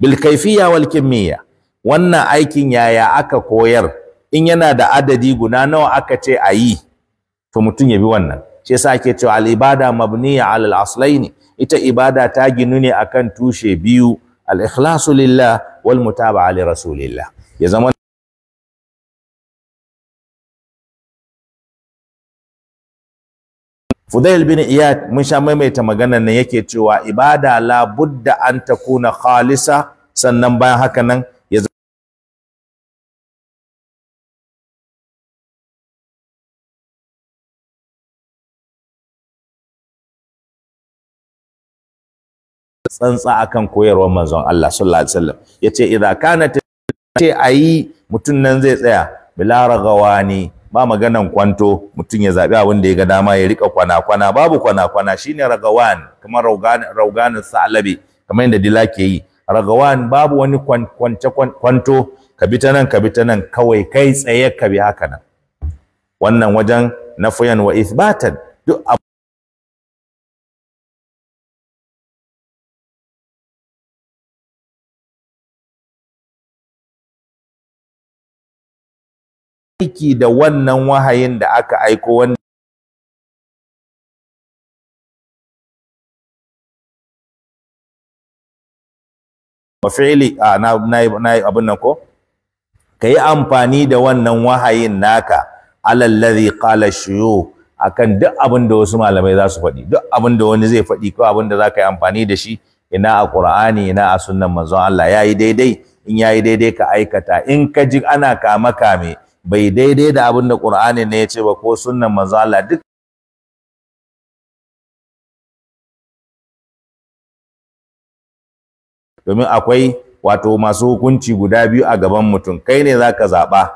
bilkaifiya wal kimiyya wannan aikin yaya aka koyar in yana da adadi guda nawa aka ce a yi to mutum ya bi wannan shi yasa ake cewa al ibada mabniya al aslain ita ibada ta ginu ne akan tushe biyu al ikhlasu lillah wal mutaba'a li rasulillah ya zama Fudail bin Iyad mun sha maimaita maganar nan yake cewa ibada la budda an takuna khalisa sannan bayan haka nan ya tsantsa akan koyarwar manzon Allah sallallahu alaihi wasallam yace idza kana ce ayi mutun nan zai tsaya bila ragawani ba maganan kwanto mutun ya zabi abin da ya ga dama ya rika kwana kwana babu kwana kwana shine ragawan kamar raugan rauganin salabi kamar yadda dila ke yi ragawan babu wani kwanto ka bi ta nan ka bi ta nan kawai kai tsaye ka bi haka nan wannan wajen nafiyan wa isbatan duk aiki da wannan wahayin da aka aiko wanda wa fi'li a na na abin nan ko kai amfani da wannan wahayin naka alal ladhi qala shuyu akan duk abin da wasu malamai za su faɗi duk abin da wani zai faɗi ko abin da za ka yi amfani da shi ina a Qur'ani ina a sunnan manzon Allah yayi daidai in yayi daidai ka aikata in ka ji ana kama kame bai daidai da abin da Qur'ani ne ya ce ba ko sunnan manzon Allah duk domin akwai wato masu hukunci guda biyu a gaban mutum kai ne zaka zaɓa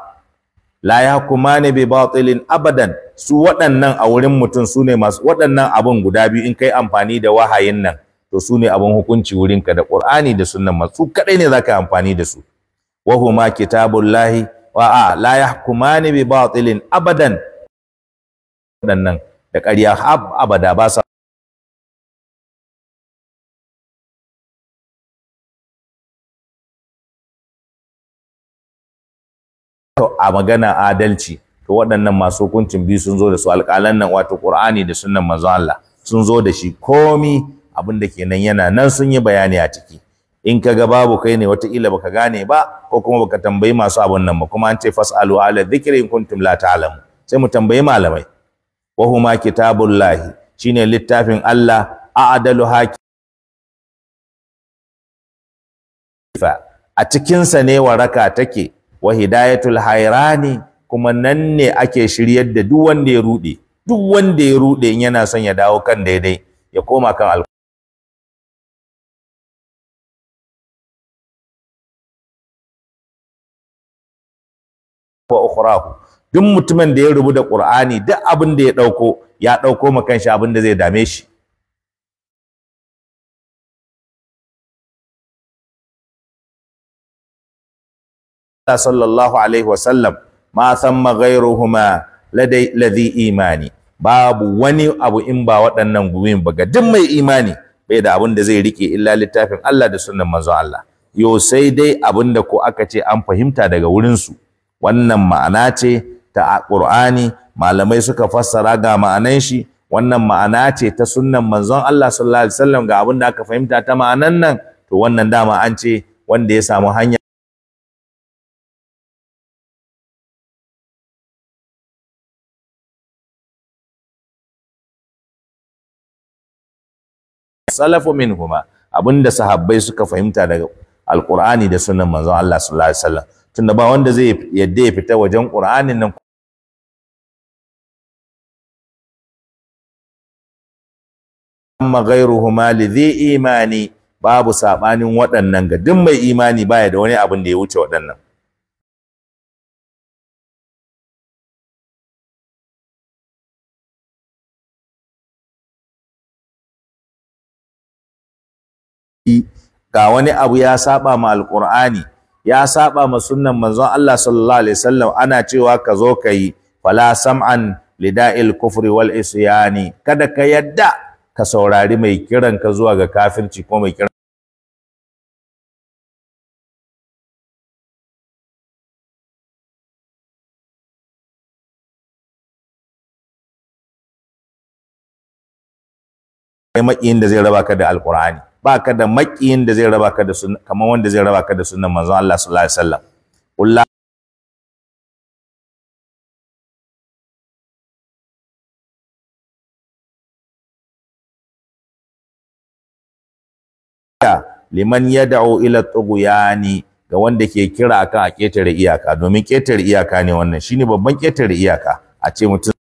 la ne bi batilin abadan su waɗannan a wurin mutum su ne masu waɗannan abin guda biyu in kai amfani da wahayin nan to su ne abin hukunci wurinka da Qur'ani da sunnan masu kaɗai ne zaka amfani da su wa huma kitabullahi wa a la ne bi batilin abadan waɗannan da ƙarya abada ba sa a magana adalci to waɗannan masu hukuncin biyu sun zo da su alƙalan nan wato Qur'ani da sunnan manzon Allah sun zo da shi komi abin da nan yana nan sun yi bayani a ciki in ka ga babu kai ne wata ila baka gane ba ko kuma baka tambayi masu abun nan ba kuma an ce fasalu ala dhikri in kuntum la ta'lamu sai mu tambayi malamai wa huma kitabullahi shine littafin Allah a'dalu haki a cikinsa ne waraka take wa hidayatul hairani kuma nan ne ake shiryar da duk wanda ya rude duk wanda ya rude yana son ya dawo kan daidai ya koma kan al duk mutumin da ya rubu da qur'ani duk abin da ya dauko ya dauko makan shi abin da zai dame shi sallallahu alaihi wasallam ma thamma ghayruhuma ladai ladhi imani babu wani abu in ba waɗannan gumin ba ga duk mai imani bai da abin da zai rike illa littafin Allah da sunnan manzon Allah yo sai dai abin da ko aka ce an fahimta daga wurin su wannan ma'ana ce ta Qur'ani malamai suka fassara ga ma'anan shi wannan ma'ana ce ta sunnan manzon Allah sallallahu alaihi wasallam ga abin da aka fahimta ta ma'anan nan to wannan dama an ce wanda ya samu hanya salafu minhuma abinda sahabbai suka fahimta daga alqur'ani da sunan manzon Allah sallallahu alaihi wasallam tunda ba wanda zai yadda ya fita wajen qur'anin nan amma ghairuhuma lidhi imani babu sabanin waɗannan ga duk mai imani baya da wani abin da ya wuce waɗannan ga wani abu ya saba ma alqur'ani ya saba ma sunnan manzon Allah sallallahu alaihi wasallam ana cewa ka zo ka yi fala sam'an lida'il kufri wal isyani kada ka yadda ka saurari mai kiran ka zuwa ga kafirci ko mai kiran maƙiyin da zai raba ka da alƙur'ani baka da makiyin da zai raba ka da sunna kamar wanda zai raba ka da sunan manzon Allah sallallahu alaihi wasallam kullu liman yad'u ila tughyani ga wanda ke kira akan a ketare iyaka domin ketare iyaka ne wannan shine babban ketare iyaka a ce mutum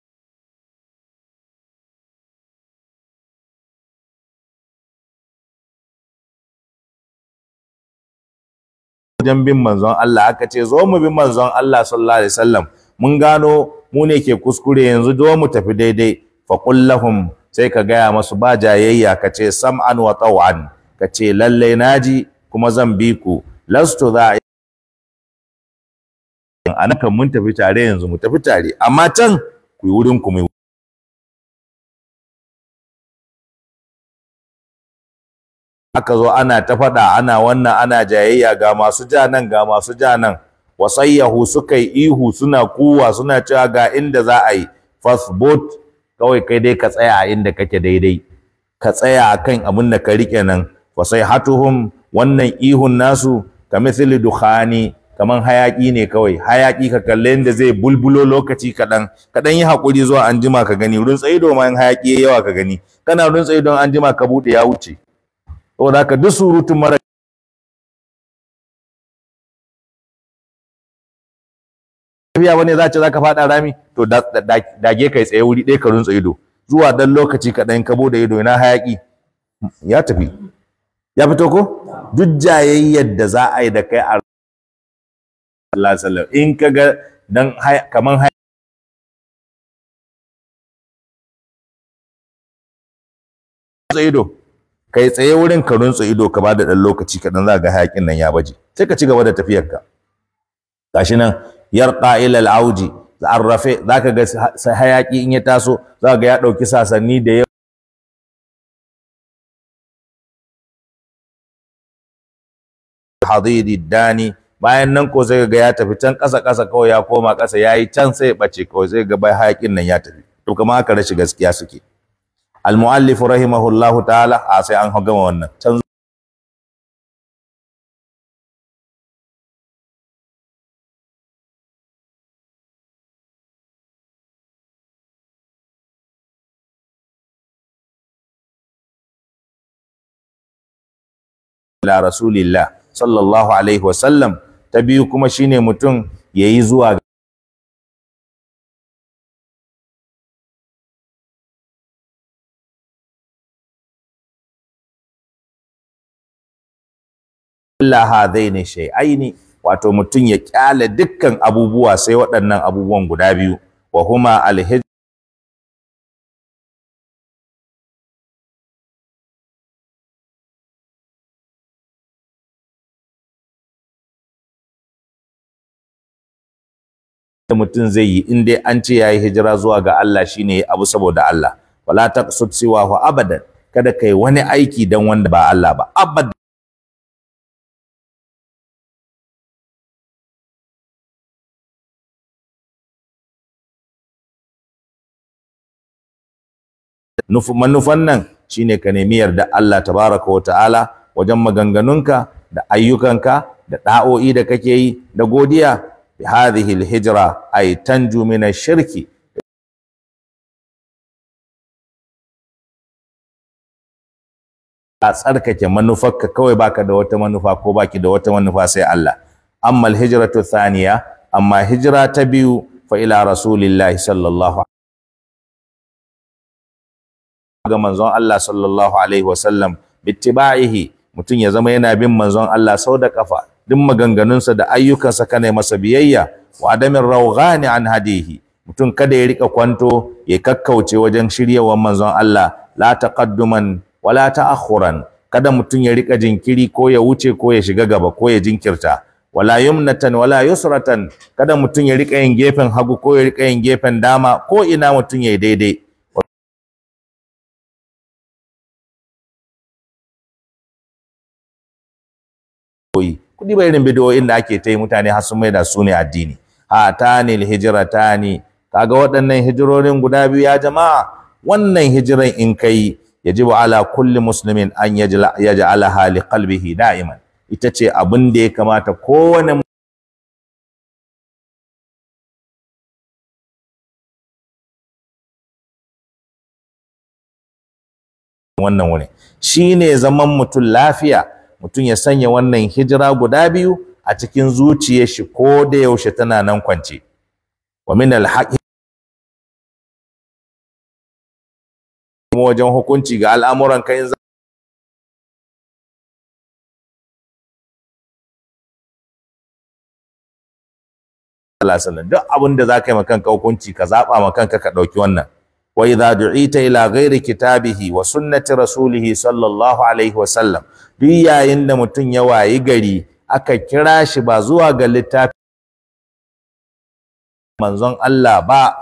wajen bin manzon Allah aka ce zo mu bi manzon Allah sallallahu alaihi wasallam mun gano mu ne ke kuskure yanzu do mu tafi daidai fa lahum sai ka gaya masu ba jayayya ka ce sam'an wa taw'an ka ce lalle naji kuma zan bi ku lastu za a mun tafi tare yanzu mu tafi tare amma can ku yi wurin ku mai aka zo ana ta faɗa ana wannan ana jayayya ga masu ja nan ga masu ja nan wasayyahu suka yi ihu suna kuwa suna cewa ga inda za a yi fasbut kawai kai dai ka tsaya a inda kake daidai ka tsaya akan abin da ka rike nan Wasai, hatuhum wannan ihun nasu misali dukhani kaman hayaki ne kawai hayaki ka kalli inda zai bulbulo lokaci kaɗan kaɗan yi haƙuri zuwa anjima ka gani runtsayi domin hayaki yawa ka gani kana runtsayi don anjima ka buɗe ya wuce saboda haka duk surutun mara tafiya wani za ce za ka faɗa rami to dage kai tsaye wuri ɗaya ka runtsa ido zuwa dan lokaci kaɗan ka bude ido na hayaƙi ya tafi ya fito ko duk jayayyar da za a yi da kai a Allah sallam in ka ga dan kaman haya ido kai tsaye wurin ka runtsu ido ka bada dan lokaci kadan za ga hayakin nan ya baje sai ka ci gaba da tafiyar ka gashi nan yarqa ila al-auji arrafe zaka ga hayaki in ya taso za ga ya dauki sasanni da hadidi dani bayan nan ko sai ga ya tafi can ƙasa ƙasa kawai ya koma ƙasa yayi can sai ya bace kawai sai ga bai hayakin nan ya tafi to kamar haka rashin gaskiya suke al-muallif rahimahullahu ta'ala a sai an gama wannan can ila rasulillah sallallahu alaihi wasallam ta biyu kuma shine mutum yayi zuwa illa hadaini shay'aini wato mutum ya kyale dukkan abubuwa sai waɗannan abubuwan guda biyu wa huma alhij da mutum zai yi in dai an ce ya yi hijira zuwa ga Allah shi shine abu saboda Allah wala taqsud siwahu abadan kada kai wani aiki don wanda ba Allah ba abadan manufan nan shine ka nemi yarda Allah tabaraka wa ta'ala wajen maganganunka da ayyukanka da da'o'i da kake yi da godiya bi hadhihi alhijra ay tanju min shirki a tsarkake manufarka kawai baka da wata manufa ko baki da wata manufa sai Allah amma alhijratu thaniya amma hijira ta biyu fa ila rasulillahi sallallahu ga manzon Allah sallallahu alaihi wasallam mutum ya zama yana bin manzon Allah sau da kafa duk maganganunsa da ayyukansa kana masa biyayya wa adamin rawghani an hadihi mutum kada ya rika kwanto ya kakkauce wajen shiryawa manzon Allah la taqadduman wala ta'akhuran kada mutum ya rika jinkiri ko ya wuce ko ya shiga gaba ko ya jinkirta wala yumnatan wala yusratan kada mutum ya rika yin gefen hagu ko ya rika yin gefen dama ko ina mutum ya daidai Kuɗi kudi ba irin bidiyo da ake ta yi mutane har sun maida su ne addini ha ta ne kaga waɗannan hijirorin guda biyu ya jama'a wannan hijiran in kai yajibu ala kulli muslimin an yaj'alaha hali qalbihi da'iman ita ce abin da ya kamata kowane wannan wuri shine zaman mutum lafiya mutum ya sanya wannan hijira guda biyu a cikin zuciyar shi ko da yaushe tana nan kwance wa min alhaqi wajen hukunci ga al'amuran kai Allah duk abin da za ka yi ma kanka hukunci ka zaɓa ma kanka ka ɗauki wannan Wai wa idza du'ita ila ghairi kitabihi wa sunnati rasulihi sallallahu alaihi wa sallam duk yayin da mutum ya wayi gari aka kira shi ba zuwa ga littafi manzon Allah ba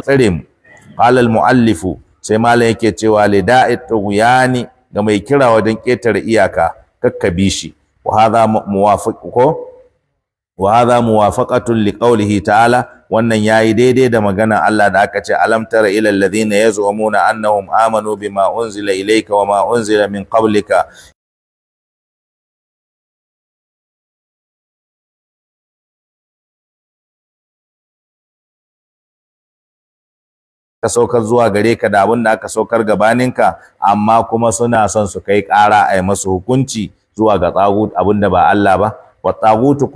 tsare mu qala al muallifu sai malam yake cewa lida'i ga mai kira wajen ƙetare iyaka bi shi wa hadha muwafiq li qawlihi ta'ala wannan yayi daidai da magana Allah da aka ce alam tara ila alladhina yaz'umuna annahum amanu bima unzila ilayka wa ma unzila min qablika ka saukar zuwa gare ka da abin da aka saukar gabaninka amma kuma suna son su kai ƙara a yi masu hukunci zuwa ga tsagut abin da ba Allah ba wa tsagutu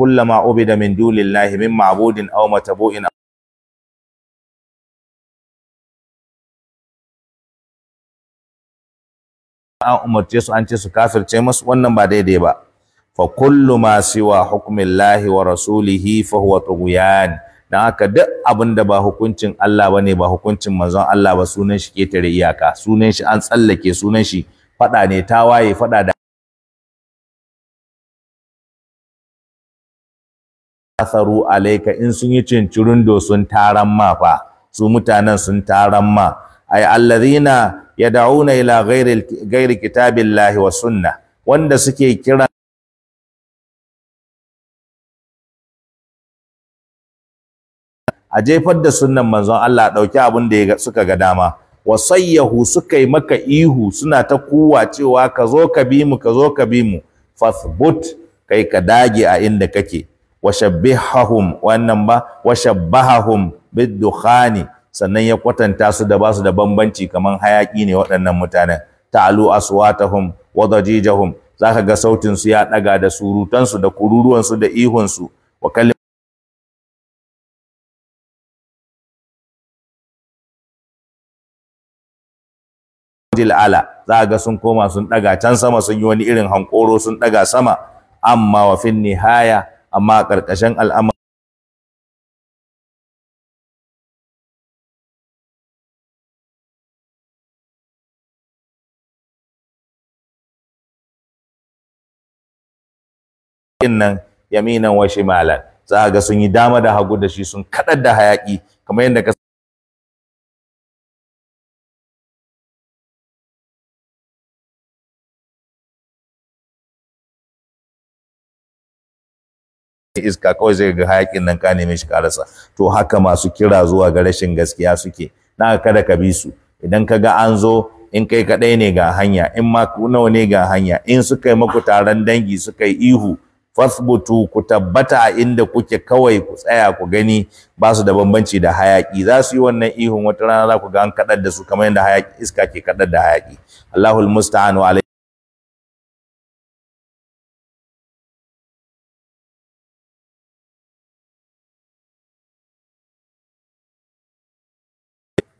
obi da min dunillahi min maabudin aw matabu'in an umarce su an ce su kafirce masu wannan ba daidai ba fa kullu ma siwa hukmillahi wa rasulihi fa huwa don haka duk abin da ba hukuncin Allah ba ne ba hukuncin manzon Allah ba sunan shi ketare iyaka sunan shi an tsallake sunan shi faɗa ne ta waye faɗa da asaru alaika in sun yi cincirundo sun taran ma fa su mutanen sun taran ma ay ya yad'una ila ghairi ghairi kitabillahi wa sunna wanda suke kira a jefar da sunan manzon Allah dauki abin da suka ga dama wasayyahu suka yi maka ihu suna ta kuwa cewa ka zo ka bi mu ka zo ka bi mu fasbut kai ka dage a inda kake washabbihahum wannan ba washabbahahum bidukhani sannan ya kwatanta su da basu da bambanci kamar hayaki ne waɗannan mutanen ta'alu aswatahum wa dajijahum zaka ga sautin su ya daga da surutansu da kururuwansu da ihunsu wa jil ala za ga sun koma sun daga can sama sun yi wani irin hankoro sun daga sama amma wa fin nihaya amma karkashin ƙarƙashin al'amari nan yaminan wa shimalan za ga sun yi dama da hagu da shi sun kaɗar da hayaƙi kamar yadda ka iska kawai zai ga hayakin nan ka neme shi karasa to haka masu kira zuwa ga rashin gaskiya suke na kada ka bi su idan ka ga an zo in kai kaɗai ne ga hanya in ma nawa ne ga hanya in suka yi maku taron dangi suka yi ihu fasbutu ku tabbata a inda kuke kawai ku tsaya ku gani ba su da bambanci da hayaki za su yi wannan ihun wata rana za ku ga an kadar da su kamar yadda hayaki iska ke kadar da hayaki Allahul musta'an wa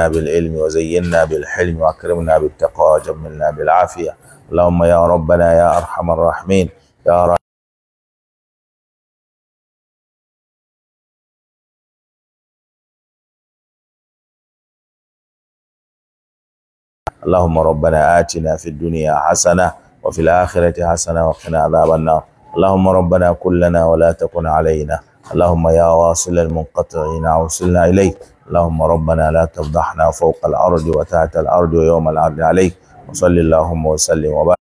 بالعلم وزينا بالحلم واكرمنا بالتقوى وجملنا بالعافيه اللهم يا ربنا يا ارحم الراحمين يا رب اللهم ربنا آتنا في الدنيا حسنة وفي الآخرة حسنة وقنا عذاب النار اللهم ربنا كلنا ولا تكن علينا اللهم يا واصل المنقطعين اوصلنا اليك اللهم ربنا لا تفضحنا فوق الارض وتحت الارض ويوم العرض عليك وصل اللهم وسلم وبارك